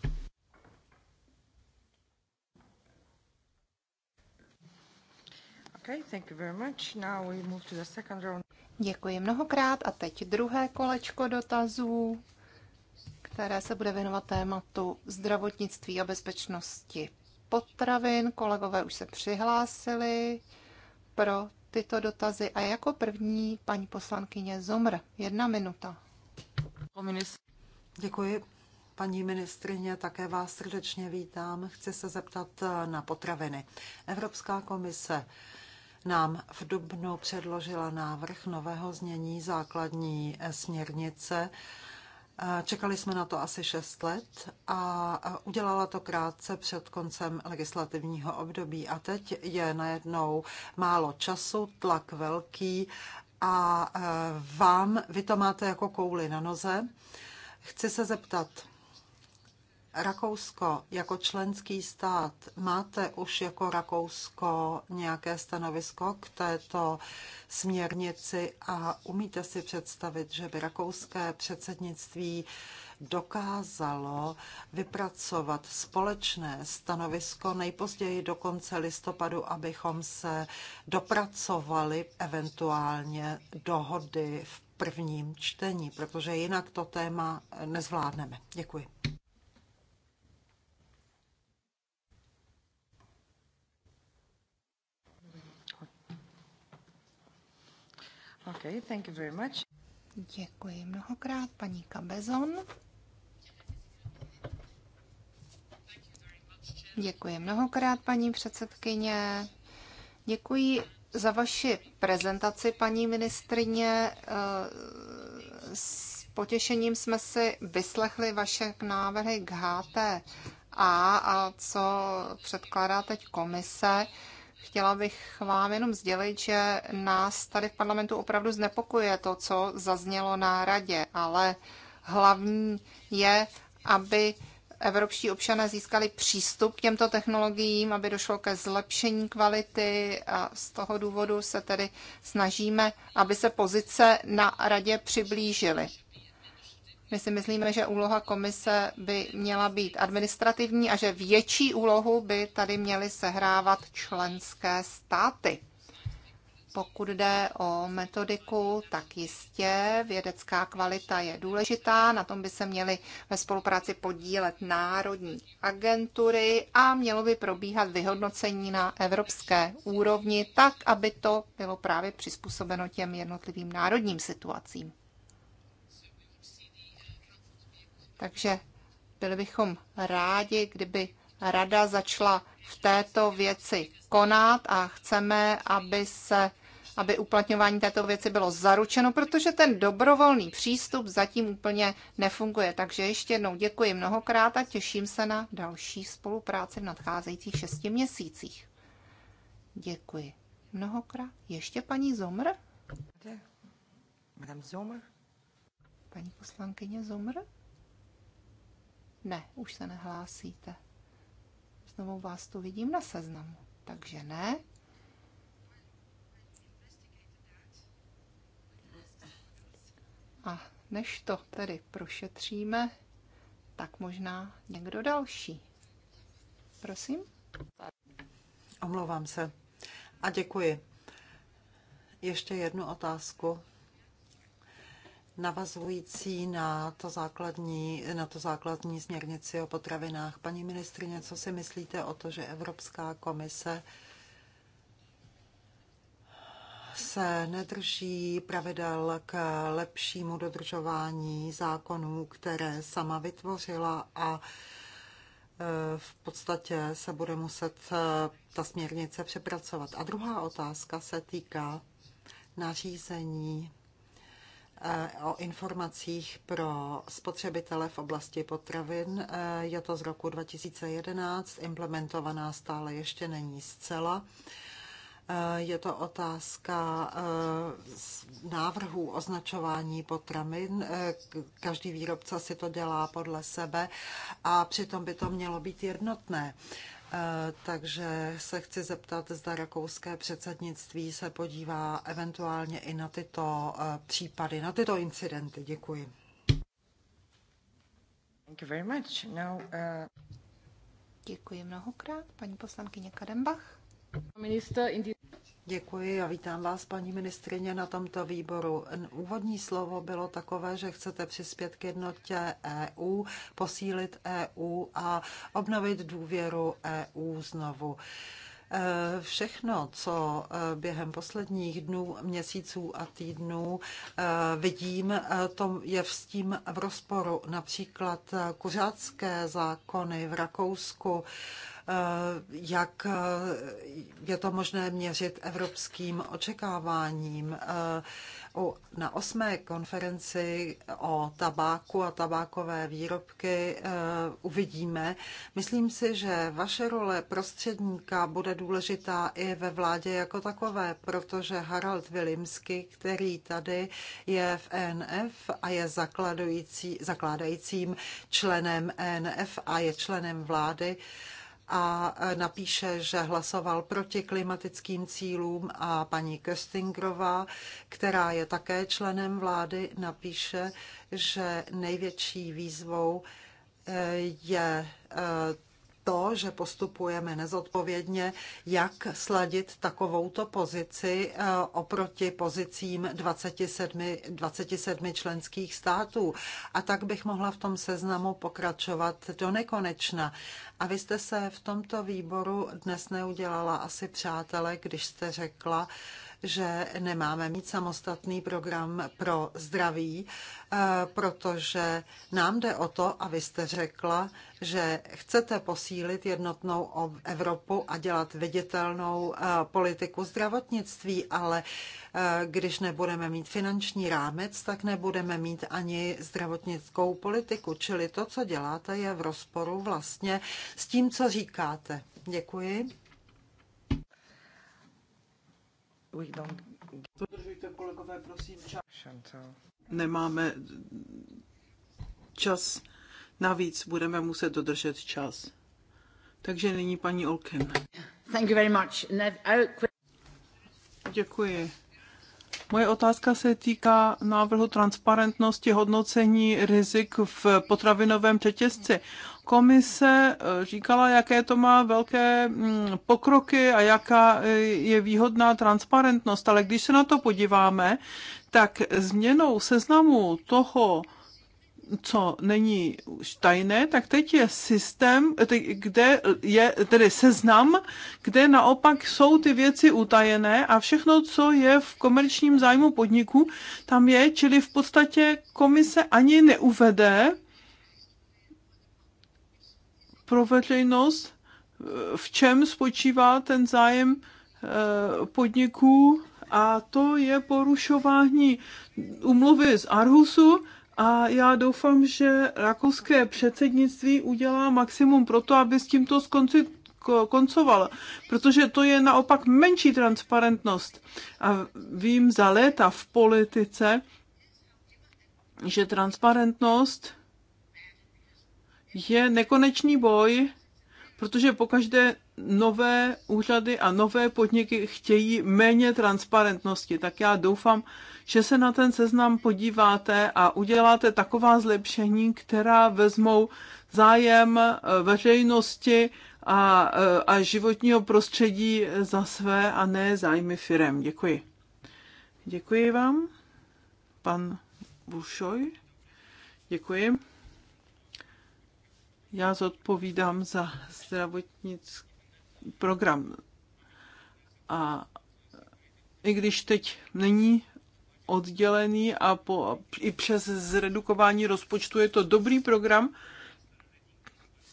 Speaker 3: Okay, thank you very much. Now we move to
Speaker 1: the second round. Děkuji mnohokrát a teď druhé kolečko dotazů, které se bude věnovat tématu zdravotnictví a bezpečnosti potravin. Kolegové už se přihlásili pro tyto dotazy. A jako první paní poslankyně Zomr. Jedna minuta.
Speaker 3: Děkuji. Paní ministrině, také vás srdečně vítám. Chci se zeptat na potraviny. Evropská komise nám v Dubnu předložila návrh nového znění základní směrnice Čekali jsme na to asi 6 let a udělala to krátce před koncem legislativního období. A teď je najednou málo času, tlak velký a e, vám, vy to máte jako kouli na noze. Chci se zeptat, Rakousko jako členský stát, máte už jako Rakousko nějaké stanovisko k této směrnici a umíte si představit, že by rakouské předsednictví dokázalo vypracovat společné stanovisko nejpozději do konce listopadu, abychom se dopracovali eventuálně dohody v prvním čtení, protože jinak to téma nezvládneme. Děkuji.
Speaker 1: Okay, thank you very much. Děkuji mnohokrát, paní Kabezon. Děkuji mnohokrát, paní předsedkyně. Děkuji za vaši prezentaci, paní ministrině. Eh, s potěšením jsme si vyslechli vaše návrhy k HTA a co předkládá teď komise. Chtěla bych vám jenom sdělit, že nás tady v parlamentu opravdu znepokuje to, co zaznělo na radě, ale hlavní je, aby evropští občané získali přístup k těmto technologiím, aby došlo ke zlepšení kvality a z toho důvodu se tedy snažíme, aby se pozice na radě přiblížily. My si myslíme, že úloha komise by měla být administrativní a že větší úlohu by tady měly sehrávat členské státy. Pokud jde o metodiku, tak jistě vědecká kvalita je důležitá. Na tom by se měly ve spolupráci podílet národní agentury a mělo by probíhat vyhodnocení na evropské úrovni, tak aby to bylo právě přizpůsobeno těm jednotlivým národním situacím. Takže byli bychom rádi, kdyby rada začala v této věci konat a chceme, aby se aby uplatňování této věci bylo zaručeno, protože ten dobrovolný přístup zatím úplně nefunguje. Takže ještě jednou děkuji mnohokrát a těším se na další spolupráci v nadcházejících šesti měsících. Děkuji mnohokrát. Ještě paní Zomr? Madame Zomr? Paní poslankyně Zomr? Ne, už se nehlásíte. Znovu vás tu vidím na seznamu, takže ne. A než to tedy prošetříme, tak možná někdo další. Prosím.
Speaker 3: Omlouvám se. A děkuji. Ještě jednu otázku navazující na to základní, na to základní směrnici o potravinách. Paní ministrině, co si myslíte o to, že Evropská komise se nedrží pravidel k lepšímu dodržování zákonů, které sama vytvořila a e, v podstatě se bude muset e, ta směrnice přepracovat. A druhá otázka se týká nařízení Eh, o informacích pro spotřebitele v oblasti potravin. Eh, je to z roku 2011, implementovaná stále ještě není zcela. Eh, je to otázka návrhů označování potravin. Každý výrobce si to dělá podle sebe a přitom by to mělo být jednotné. Eh, takže se chci zeptat, zda rakouské předsednictví se podívá eventuálně i na tyto eh, případy, na tyto incidenty. Děkuji. Thank you very much. uh... Děkuji mnohokrát, paní
Speaker 1: poslankyně Kadembach.
Speaker 3: Minister, in Děkuji a vítám vás, paní ministrině, na tomto výboru. Úvodní slovo bylo takové, že chcete přispět k jednotě EU, posílit EU a obnovit důvěru EU znovu. E, všechno, co e, během posledních dnů, měsíců a týdnů e, vidím, to je s tím v rozporu. Například kuřácké zákony v Rakousku Eh, jak eh, je to možné měřit evropským očekáváním. Eh, na osmé konferenci o tabáku a tabákové výrobky uvidíme. Myslím si, že vaše role prostředníka bude důležitá i ve vládě jako takové, protože Harald Vilimsky, který tady je v ENF a je zakladající, zakládajícím členem ENF a je členem vlády, a e, napíše, že hlasoval proti klimatickým cílům a paní Köstingrová, která je také členem vlády, napíše, že největší výzvou e, je e, to, že postupujeme nezodpovědně, jak sladit takovouto pozici eh, oproti pozicím 27, 27 členských států. A tak bych mohla v tom seznamu pokračovat do nekonečna. A vy jste se v tomto výboru dnes neudělala asi přátelé, když jste řekla, že nemáme mít samostatný program pro zdraví, eh, protože nám jde o to, a vy jste řekla, že chcete posílit jednotnou Evropu a dělat viditelnou eh, politiku zdravotnictví, ale eh, když nebudeme mít finanční rámec, tak nebudeme mít ani zdravotnickou politiku. Čili to, co děláte, je v rozporu vlastně s tím, co říkáte. Děkuji.
Speaker 2: we don't... kolegové, prosím, Nemáme čas. Navíc budeme muset dodržet čas. Takže nyní paní Olken. Thank you very much. Děkuji. Moje otázka se týká návrhu transparentnosti hodnocení rizik v potravinovém řetězci. Komise eh, říkala, jaké to má velké mm, pokroky a jaká eh, je výhodná transparentnost, ale když se na to podíváme, tak změnou seznamu toho, co není už tajné, tak teď je systém, kde je tedy seznam, kde naopak jsou ty věci utajené a všechno, co je v komerčním zájmu podniku, tam je, čili v podstatě komise ani neuvede pro veřejnost, v čem spočívá ten zájem eh, podniků a to je porušování umluvy z Arhusu, a já doufám, že rakouské předsednictví udělá maximum pro to, aby s tímto skonci, koncoval, protože to je naopak menší transparentnost. A vím za léta v politice, že transparentnost je nekonečný boj, protože pokaždé nové úřady a nové podniky chtějí méně transparentnosti. Tak já doufám, že se na ten seznam podíváte a uděláte taková zlepšení, která vezmou zájem eh, veřejnosti a, eh, a životního prostředí za své a ne zájmy firem. Děkuji. Děkuji vám, pan Bušoj. Děkuji. Já zodpovídám za zdravotnické program. A i když teď není oddělený a po, i přes zredukování rozpočtu je to dobrý program,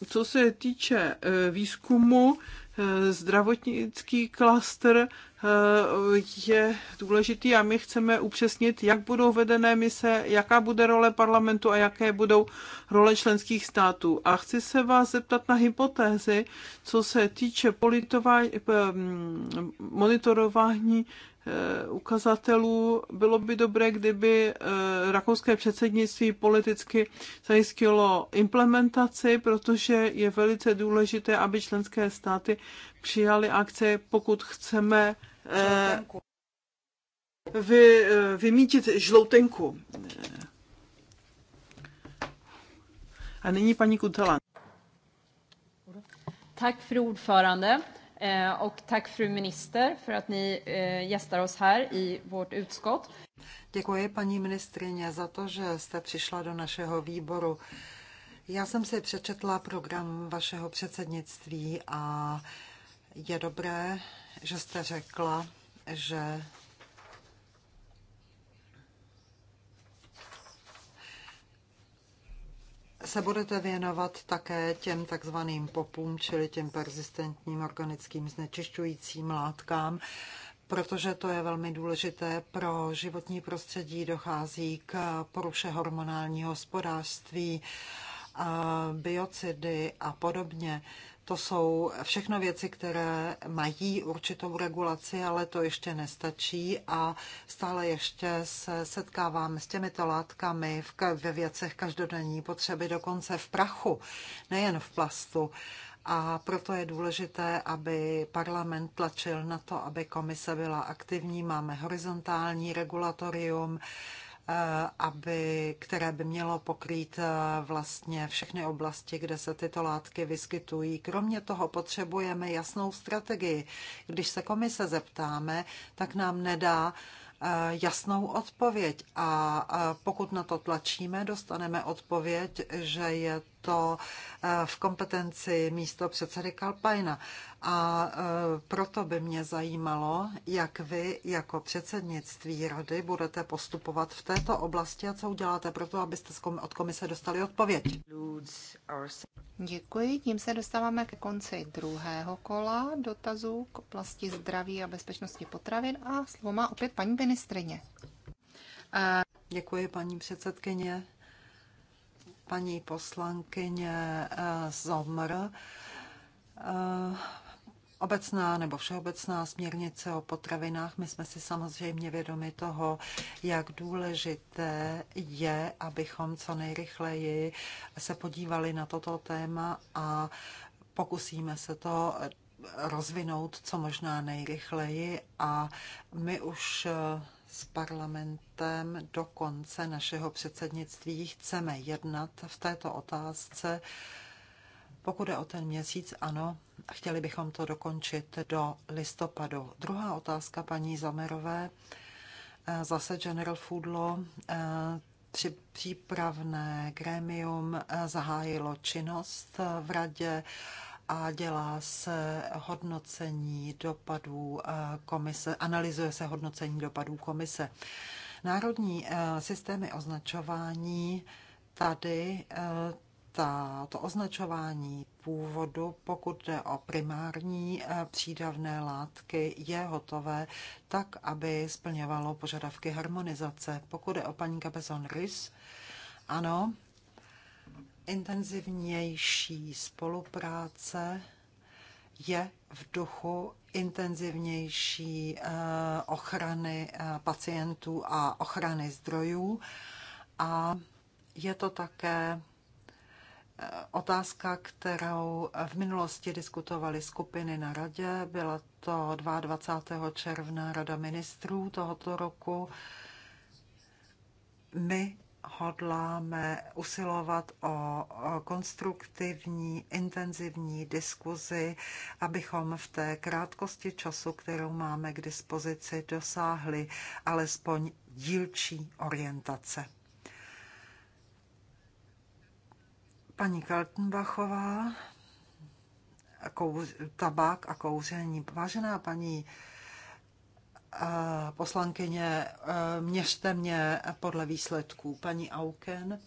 Speaker 2: co se týče eh, výzkumu, eh, zdravotnický klaster Eh, je důležitý a my chceme upřesnit, jak budou vedené mise, jaká bude role parlamentu a jaké budou role členských států. A chci se vás zeptat na hypotézy, co se týče eh, mm, monitorování eh, ukazatelů. Bylo by dobré, kdyby rakouské předsednictví politicky zajistilo implementaci, protože je velice důležité, aby členské státy přijali akce, pokud chceme Eh, vy, eh, vymítit žloutenku. Eh. A nyní paní Kutela.
Speaker 1: Tak, fru ordförande och tack fru minister för att ni gästar oss här i vårt utskott.
Speaker 3: Děkuji paní ministrině za to, že jste přišla do našeho výboru. Já jsem si přečetla program vašeho předsednictví a je dobré, že jste řekla, že se budete věnovat také těm takzvaným popům, čili těm persistentním organickým znečišťujícím látkám, protože to je velmi důležité pro životní prostředí, dochází k poruše hormonálního hospodářství, biocidy a podobně. To jsou všechno věci, které mají určitou regulaci, ale to ještě nestačí a stále ještě se setkáváme s těmito látkami ve věcech každodenní potřeby, dokonce v prachu, nejen v plastu. A proto je důležité, aby parlament tlačil na to, aby komise byla aktivní. Máme horizontální regulatorium, Eh, aby, které by mělo pokrýt eh, vlastně všechny oblasti, kde se tyto látky vyskytují. Kromě toho potřebujeme jasnou strategii. Když se komise zeptáme, tak nám nedá eh, jasnou odpověď. A pokud na to tlačíme, dostaneme odpověď, že je to eh, v kompetenci místo předsedy Kalpajna. A eh, proto by mě zajímalo, jak vy jako předsednictví rady budete postupovat v této oblasti a co uděláte pro to, abyste od komise dostali odpověď.
Speaker 1: Děkuji. Tím se dostáváme ke konci druhého kola dotazů k oblasti zdraví a bezpečnosti potravin a slovo má opět paní ministrině. Děkuji, paní předsedkyně paní
Speaker 3: poslankyně eh, Zomr. Eh, obecná nebo všeobecná směrnice o potravinách, my jsme si samozřejmě vědomi toho, jak důležité je, abychom co nejrychleji se podívali na toto téma a pokusíme se to rozvinout co možná nejrychleji a my už eh, s parlamentem do konce našeho předsednictví. Chceme jednat v této otázce. Pokud je o ten měsíc, ano, chtěli bychom to dokončit do listopadu. Druhá otázka paní Zamerové, eh, zase General Food Law, eh, při přípravné grémium eh, zahájilo činnost v radě a dělá se hodnocení dopadů eh, komise, analyzuje se hodnocení dopadů komise. Národní eh, systémy označování tady eh, ta, to označování původu, pokud jde o primární přídavné látky, je hotové tak, aby splňovalo požadavky harmonizace. Pokud jde o paní Cabezon Rys, ano, intenzivnější spolupráce je v duchu intenzivnější eh, ochrany eh, pacientů a ochrany zdrojů. A je to také eh, otázka, kterou v minulosti diskutovaly skupiny na radě. Byla to 22. června Rada ministrů tohoto roku. My hodláme usilovat o konstruktivní, intenzivní diskuzi, abychom v té krátkosti času, kterou máme k dispozici, dosáhli alespoň dílčí orientace. Paní Kaltenbachová, tabák a kouření. Vážená paní poslankyně, eh, měřte mě podle výsledků. Paní Auken,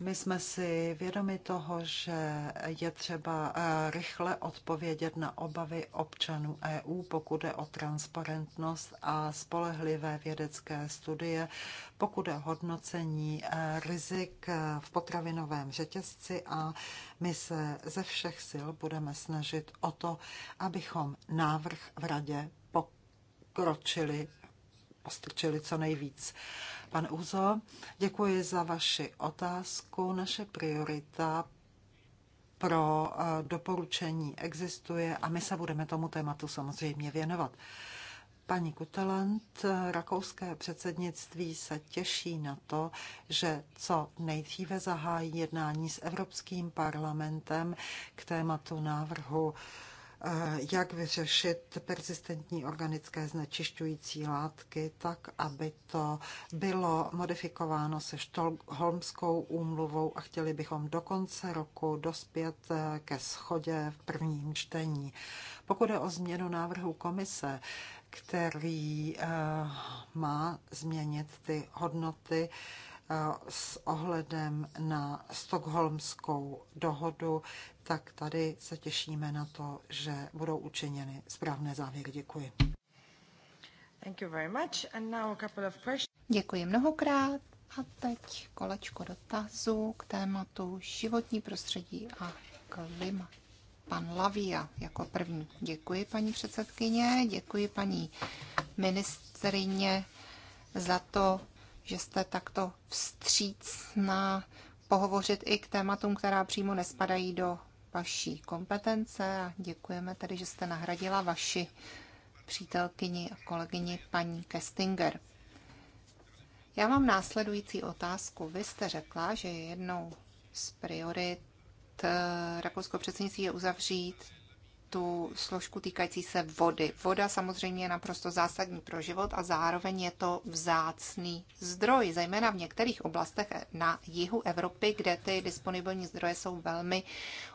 Speaker 3: my jsme si vědomi toho, že je třeba eh, rychle odpovědět na obavy občanů EU, pokud je o transparentnost a spolehlivé vědecké studie, pokud je hodnocení eh, rizik v potravinovém řetězci a my se ze všech sil budeme snažit o to, abychom návrh v radě kročili postrčili co nejvíc. Pan Uzo, děkuji za vaši otázku. Naše priorita pro eh, doporučení existuje a my se budeme tomu tématu samozřejmě věnovat. Paní Kutelant, rakouské předsednictví se těší na to, že co nejdříve zahájí jednání s Evropským parlamentem k tématu návrhu Eh, jak vyřešit persistentní organické znečišťující látky tak, aby to bylo modifikováno se Štolholmskou úmluvou a chtěli bychom do konce roku dospět eh, ke schodě v prvním čtení. Pokud je o změnu návrhu komise, který eh, má změnit ty hodnoty, s ohledem na Stockholmskou dohodu, tak tady se těšíme na to, že budou učiněny správné závěry. Děkuji.
Speaker 1: Thank you very much.
Speaker 3: And now a couple of questions.
Speaker 1: Děkuji mnohokrát. A teď kolečko dotazu k tématu životní prostředí a klima. Pan Lavia jako první. Děkuji, paní předsedkyně, děkuji, paní ministrině, za to, že jste takto vstřícná pohovořit i k tématům, která přímo nespadají do vaší kompetence a děkujeme tedy, že jste nahradila vaši přítelkyni a kolegyni paní Kestinger. Já mám následující otázku. Vy jste řekla, že jednou z priorit eh, Rakousko předsednictví je uzavřít tu složku týkající se vody. Voda samozřejmě je naprosto zásadní pro život a zároveň je to vzácný zdroj, zejména v některých oblastech na jihu Evropy, kde ty disponibilní zdroje jsou velmi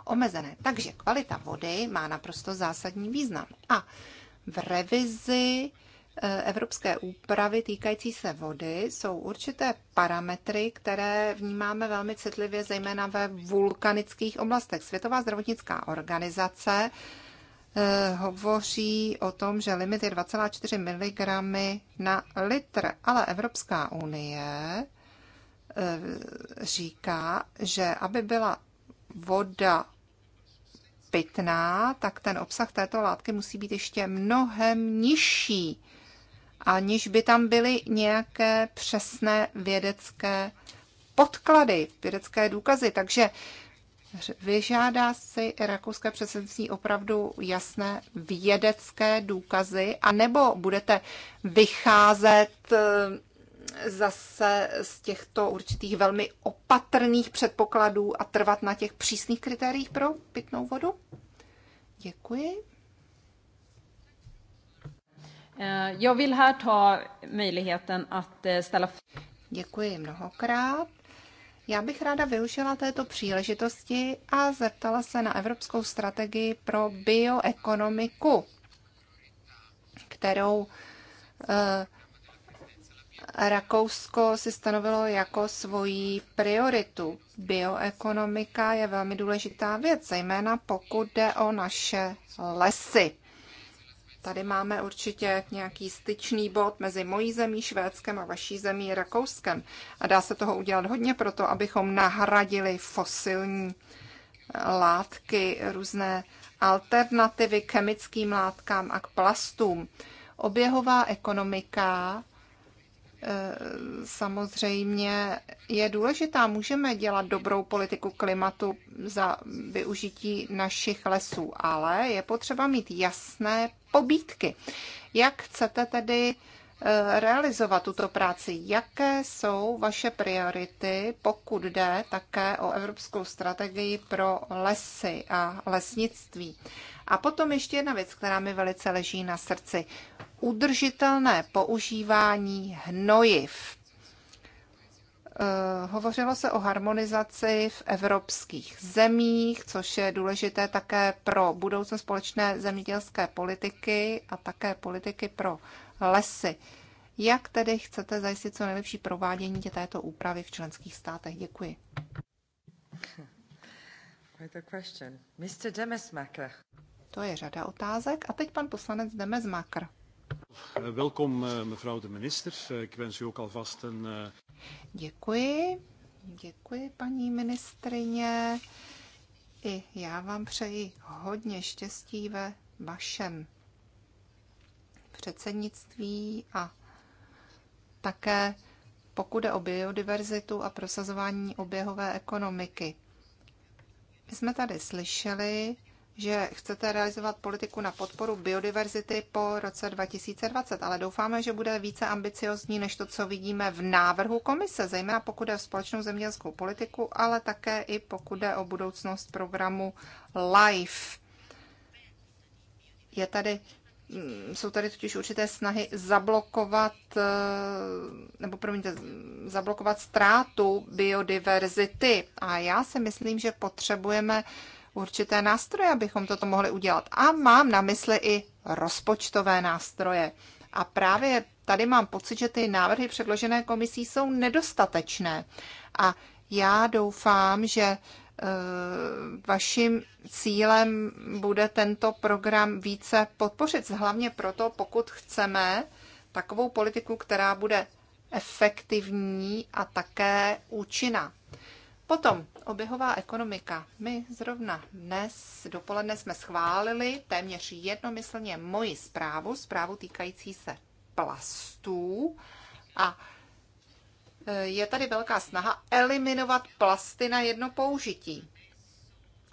Speaker 1: omezené. Takže kvalita vody má naprosto zásadní význam. A v revizi eh, evropské úpravy týkající se vody jsou určité parametry, které vnímáme velmi citlivě, zejména ve vulkanických oblastech. Světová zdravotnická organizace Eh, hovoří o tom, že limit je 2,4 mg na litr, ale Evropská unie eh, říká, že aby byla voda pitná, tak ten obsah této látky musí být ještě mnohem nižší, aniž by tam byly nějaké přesné vědecké podklady, vědecké důkazy. Takže Vyžádá si rakouské předsednictví opravdu jasné vědecké důkazy, anebo budete vycházet eh, zase z těchto určitých velmi opatrných předpokladů a trvat na těch přísných kritériích pro pitnou vodu? Děkuji. Eh, Já vill här ta möjligheten att eh, ställa... Děkuji mnohokrát. Já bych ráda využila této příležitosti a zeptala se na evropskou strategii pro bioekonomiku, kterou eh, Rakousko si stanovilo jako svoji prioritu. Bioekonomika je velmi důležitá věc, zejména pokud jde o naše lesy. Tady máme určitě nějaký styčný bod mezi mojí zemí Švédskem a vaší zemí Rakouskem. A dá se toho udělat hodně proto, abychom nahradili fosilní látky, různé alternativy chemickým látkám a k plastům. Oběhová ekonomika samozřejmě je důležitá. Můžeme dělat dobrou politiku klimatu za využití našich lesů, ale je potřeba mít jasné pobídky. Jak chcete tedy Eh, realizovat tuto práci. Jaké jsou vaše priority, pokud jde také o evropskou strategii pro lesy a lesnictví? A potom ještě jedna věc, která mi velice leží na srdci. Udržitelné používání hnojiv. Eh, hovořilo se o harmonizaci v evropských zemích, což je důležité také pro budoucnost společné zemědělské politiky a také politiky pro lesy. Jak tedy chcete zajistit co nejlepší provádění této úpravy v členských státech? Děkuji. To je řada otázek. A teď pan poslanec Demesmaker.
Speaker 3: Welkom, eh, mevrouw de minister. Eh, ik wens u ook
Speaker 2: alvast een... Eh,
Speaker 1: Děkuji. Děkuji, paní ministrině. I já vám přeji hodně štěstí ve vašem předsednictví a také pokud je o biodiverzitu a prosazování oběhové ekonomiky. My jsme tady slyšeli, že chcete realizovat politiku na podporu biodiverzity po roce 2020, ale doufáme, že bude více ambiciozní než to, co vidíme v návrhu komise, zejména pokud je o společnou zemědělskou politiku, ale také i pokud je o budoucnost programu LIFE. Je tady Mm, jsou tady totiž určité snahy zablokovat, eh, nebo promiňte, zablokovat ztrátu biodiverzity. A já si myslím, že potřebujeme určité nástroje, abychom toto mohli udělat. A mám na mysli i rozpočtové nástroje. A právě tady mám pocit, že ty návrhy předložené komisí jsou nedostatečné. A já doufám, že Eh, vaším cílem bude tento program více podpořit. Hlavně proto, pokud chceme takovou politiku, která bude efektivní a také účinná. Potom oběhová ekonomika. My zrovna dnes dopoledne jsme schválili téměř jednomyslně moji zprávu, zprávu týkající se plastů a je tady velká snaha eliminovat plasty na jedno použití.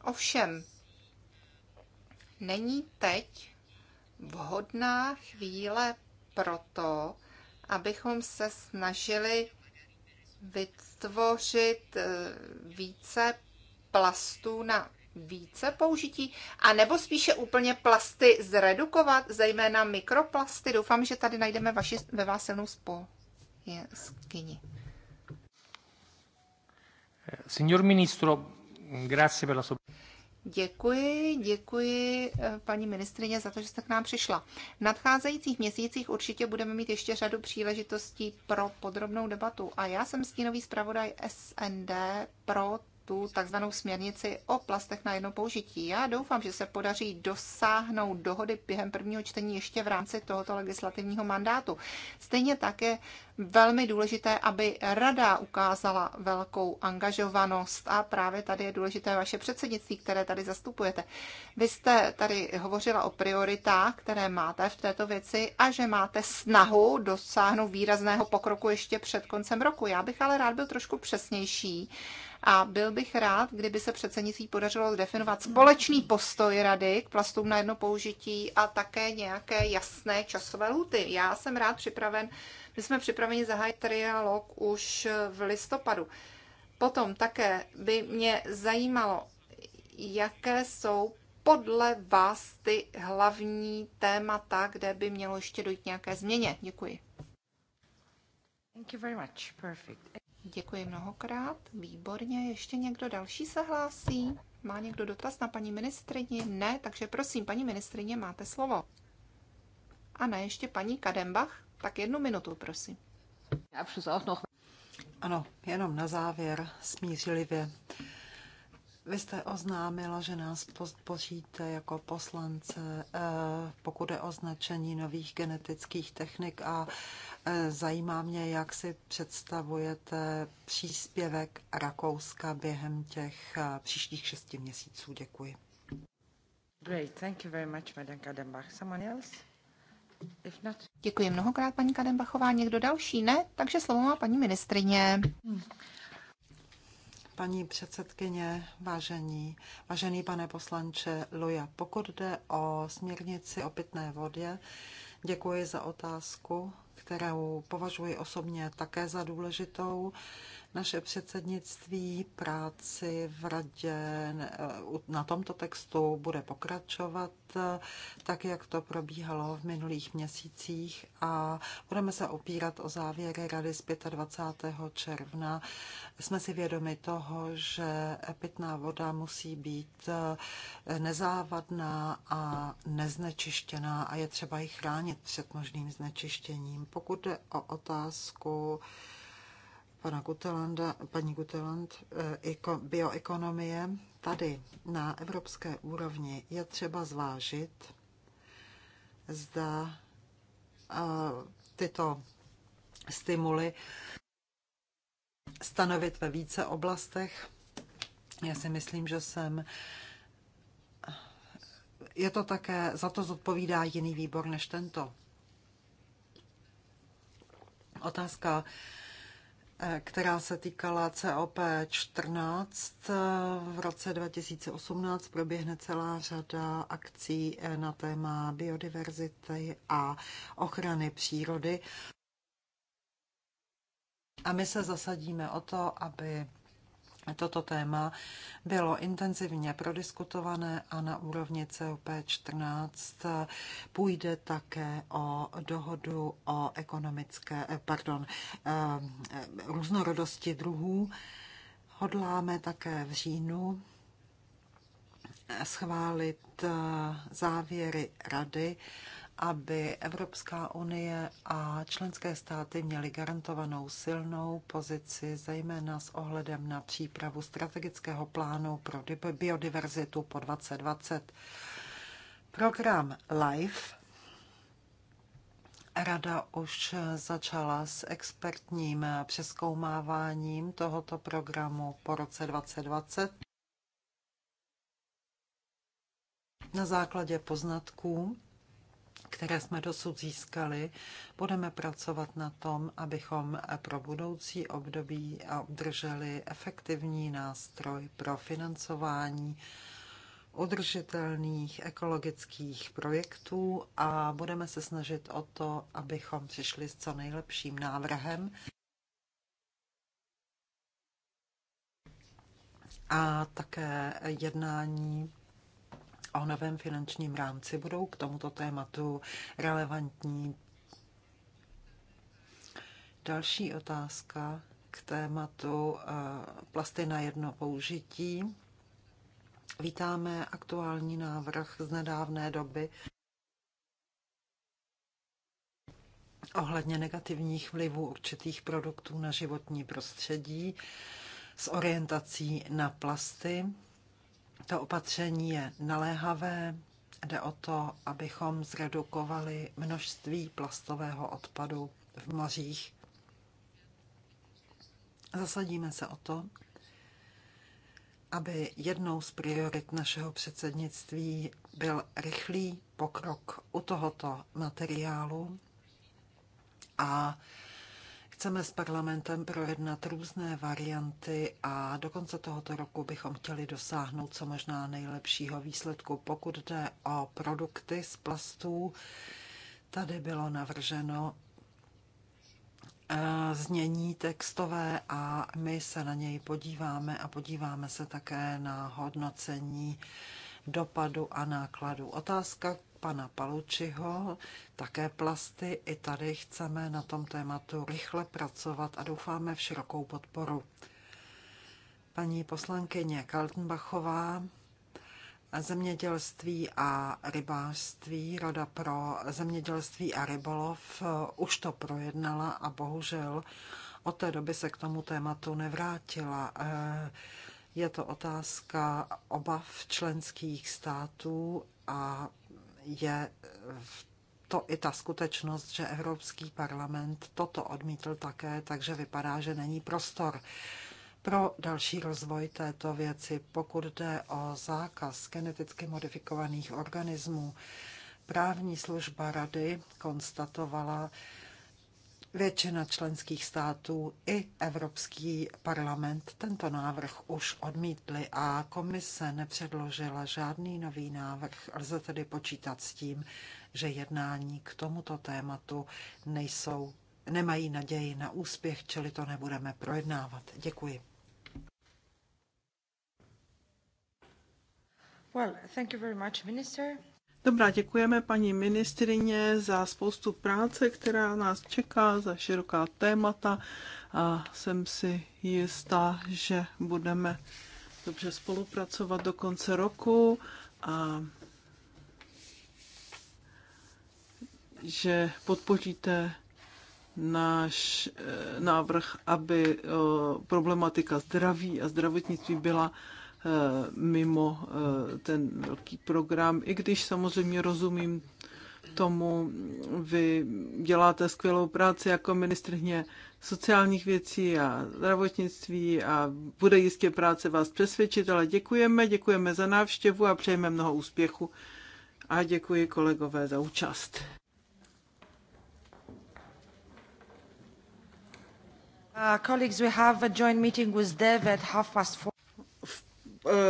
Speaker 1: Ovšem, není teď vhodná chvíle pro to, abychom se snažili vytvořit eh, více plastů na více použití, a nebo spíše úplně plasty zredukovat, zejména mikroplasty. Doufám, že tady najdeme vaši, ve vás silnou spolu. Je, skyni.
Speaker 2: Signor ministro,
Speaker 1: grazie per la Děkuji, děkuji eh, paní ministrině za to, že jste k nám přišla. V nadcházejících měsících určitě budeme mít ještě řadu příležitostí pro podrobnou debatu a já jsem stínový zpravodaj SND pro tu takzvanou směrnici o plastech na jedno použití. Já doufám, že se podaří dosáhnout dohody během prvního čtení ještě v rámci tohoto legislativního mandátu. Stejně tak je velmi důležité, aby rada ukázala velkou angažovanost a právě tady je důležité vaše předsednictví, které tady zastupujete. Vy jste tady hovořila o prioritách, které máte v této věci a že máte snahu dosáhnout výrazného pokroku ještě před koncem roku. Já bych ale rád byl trošku přesnější a byl bych rád, kdyby se předsednictví podařilo definovat společný postoj rady k plastům na jedno použití a také nějaké jasné časové lhuty. Já jsem rád připraven, my jsme připraveni zahájit trialog už v listopadu. Potom také by mě zajímalo, jaké jsou podle vás ty hlavní témata, kde by mělo ještě dojít nějaké změně. Děkuji. Thank you very much. Perfect. Děkuji mnohokrát, výborně. Ještě někdo další se hlásí? Má někdo dotaz na paní ministrině? Ne, takže prosím, paní ministrině, máte slovo. A ne, ještě paní Kadembach? Tak jednu minutu, prosím. Ano, jenom na závěr, smířlivě.
Speaker 3: Vy jste oznámila, že nás podpoříte jako poslance, eh, pokud je označení nových genetických technik a Eh, zajímá mě, jak si představujete příspěvek Rakouska během těch eh,
Speaker 1: příštích šesti měsíců. Děkuji.
Speaker 3: Great, thank you very much, Kadenbach. Someone else?
Speaker 1: If not... Děkuji mnohokrát, paní Kadenbachová. Někdo další? Ne? Takže slovo má paní ministrině. Hmm.
Speaker 3: Paní předsedkyně, vážení, vážený pane poslanče Luja, pokud jde o směrnici o pitné vodě, děkuji za otázku kterou považuji osobně také za důležitou. Naše předsednictví práci v radě eh, na tomto textu bude pokračovat Eh, tak jak to probíhalo v minulých měsících a budeme se opírat o závěry Rady z 25. června. Jsme si vědomi toho, že pitná voda musí být eh, nezávadná a neznečištěná a je třeba ji chránit před možným znečištěním. Pokud jde o otázku, pana Gutelanda, paní Guteland, eh, bioekonomie. Tady na evropské úrovni je třeba zvážit, zda eh, tyto stimuly stanovit ve více oblastech. Já si myslím, že jsem je to také, za to zodpovídá jiný výbor než tento. Otázka která se týkala COP14. Eh, v roce 2018 proběhne celá řada akcí eh, na téma biodiverzity a ochrany přírody. A my se zasadíme o to, aby Toto téma bylo intenzivně prodiskutované a na úrovni COP14 půjde také o dohodu o ekonomické, eh, pardon, eh, různorodosti druhů. Hodláme také v říjnu schválit eh, závěry rady aby Evropská unie a členské státy měly garantovanou silnou pozici, zejména s ohledem na přípravu strategického plánu pro biodiverzitu po 2020. Program LIFE Rada už začala s expertním přeskoumáváním tohoto programu po roce 2020 na základě poznatků které jsme dosud získali, budeme pracovat na tom, abychom pro budoucí období obdrželi efektivní nástroj pro financování udržitelných ekologických projektů a budeme se snažit o to, abychom přišli s co nejlepším návrhem. A také jednání o novém finančním rámci budou k tomuto tématu relevantní. Další otázka k tématu eh, plasty na jedno použití. Vítáme aktuální návrh z nedávné doby ohledně negativních vlivů určitých produktů na životní prostředí s orientací na plasty. To opatření je naléhavé. Jde o to, abychom zredukovali množství plastového odpadu v mořích. Zasadíme se o to, aby jednou z priorit našeho předsednictví byl rychlý pokrok u tohoto materiálu a Chceme s parlamentem projednat různé varianty a do konce tohoto roku bychom chtěli dosáhnout co možná nejlepšího výsledku. Pokud jde o produkty z plastů, tady bylo navrženo eh, znění textové a my se na něj podíváme a podíváme se také na hodnocení dopadu a nákladu. Otázka pana Palučiho, také plasty. I tady chceme na tom tématu rychle pracovat a doufáme v širokou podporu. Paní poslankyně Kaltenbachová, zemědělství a rybářství, Rada pro zemědělství a rybolov eh, už to projednala a bohužel od té doby se k tomu tématu nevrátila. Eh, je to otázka obav členských států a je to i ta skutečnost, že Evropský parlament toto odmítl také, takže vypadá, že není prostor pro další rozvoj této věci. Pokud jde o zákaz geneticky modifikovaných organismů, právní služba rady konstatovala, Většina členských států i Evropský parlament tento návrh už odmítli a komise nepředložila žádný nový návrh. Lze tedy počítat s tím, že jednání k tomuto tématu nejsou, nemají naději na úspěch, čili to nebudeme projednávat. Děkuji. Well, thank you very much, minister.
Speaker 2: Dobrá, děkujeme paní ministrině za spoustu práce, která nás čeká, za široká témata a jsem si jistá, že budeme dobře spolupracovat do konce roku a že podpoříte náš eh, návrh, aby eh, problematika zdraví a zdravotnictví byla Eh, mimo eh, ten velký program, i když samozřejmě rozumím tomu, vy děláte skvělou práci jako ministrně sociálních věcí a zdravotnictví a bude jistě práce vás přesvědčit, ale děkujeme, děkujeme za návštěvu a přejeme mnoho úspěchu a děkuji kolegové za účast. Uh, colleagues, we
Speaker 1: have a joint meeting
Speaker 2: with Dev at half past four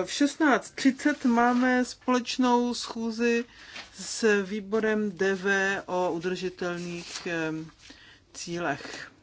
Speaker 2: v 16.30 máme společnou schůzi s výborem DV o udržitelných eh, cílech.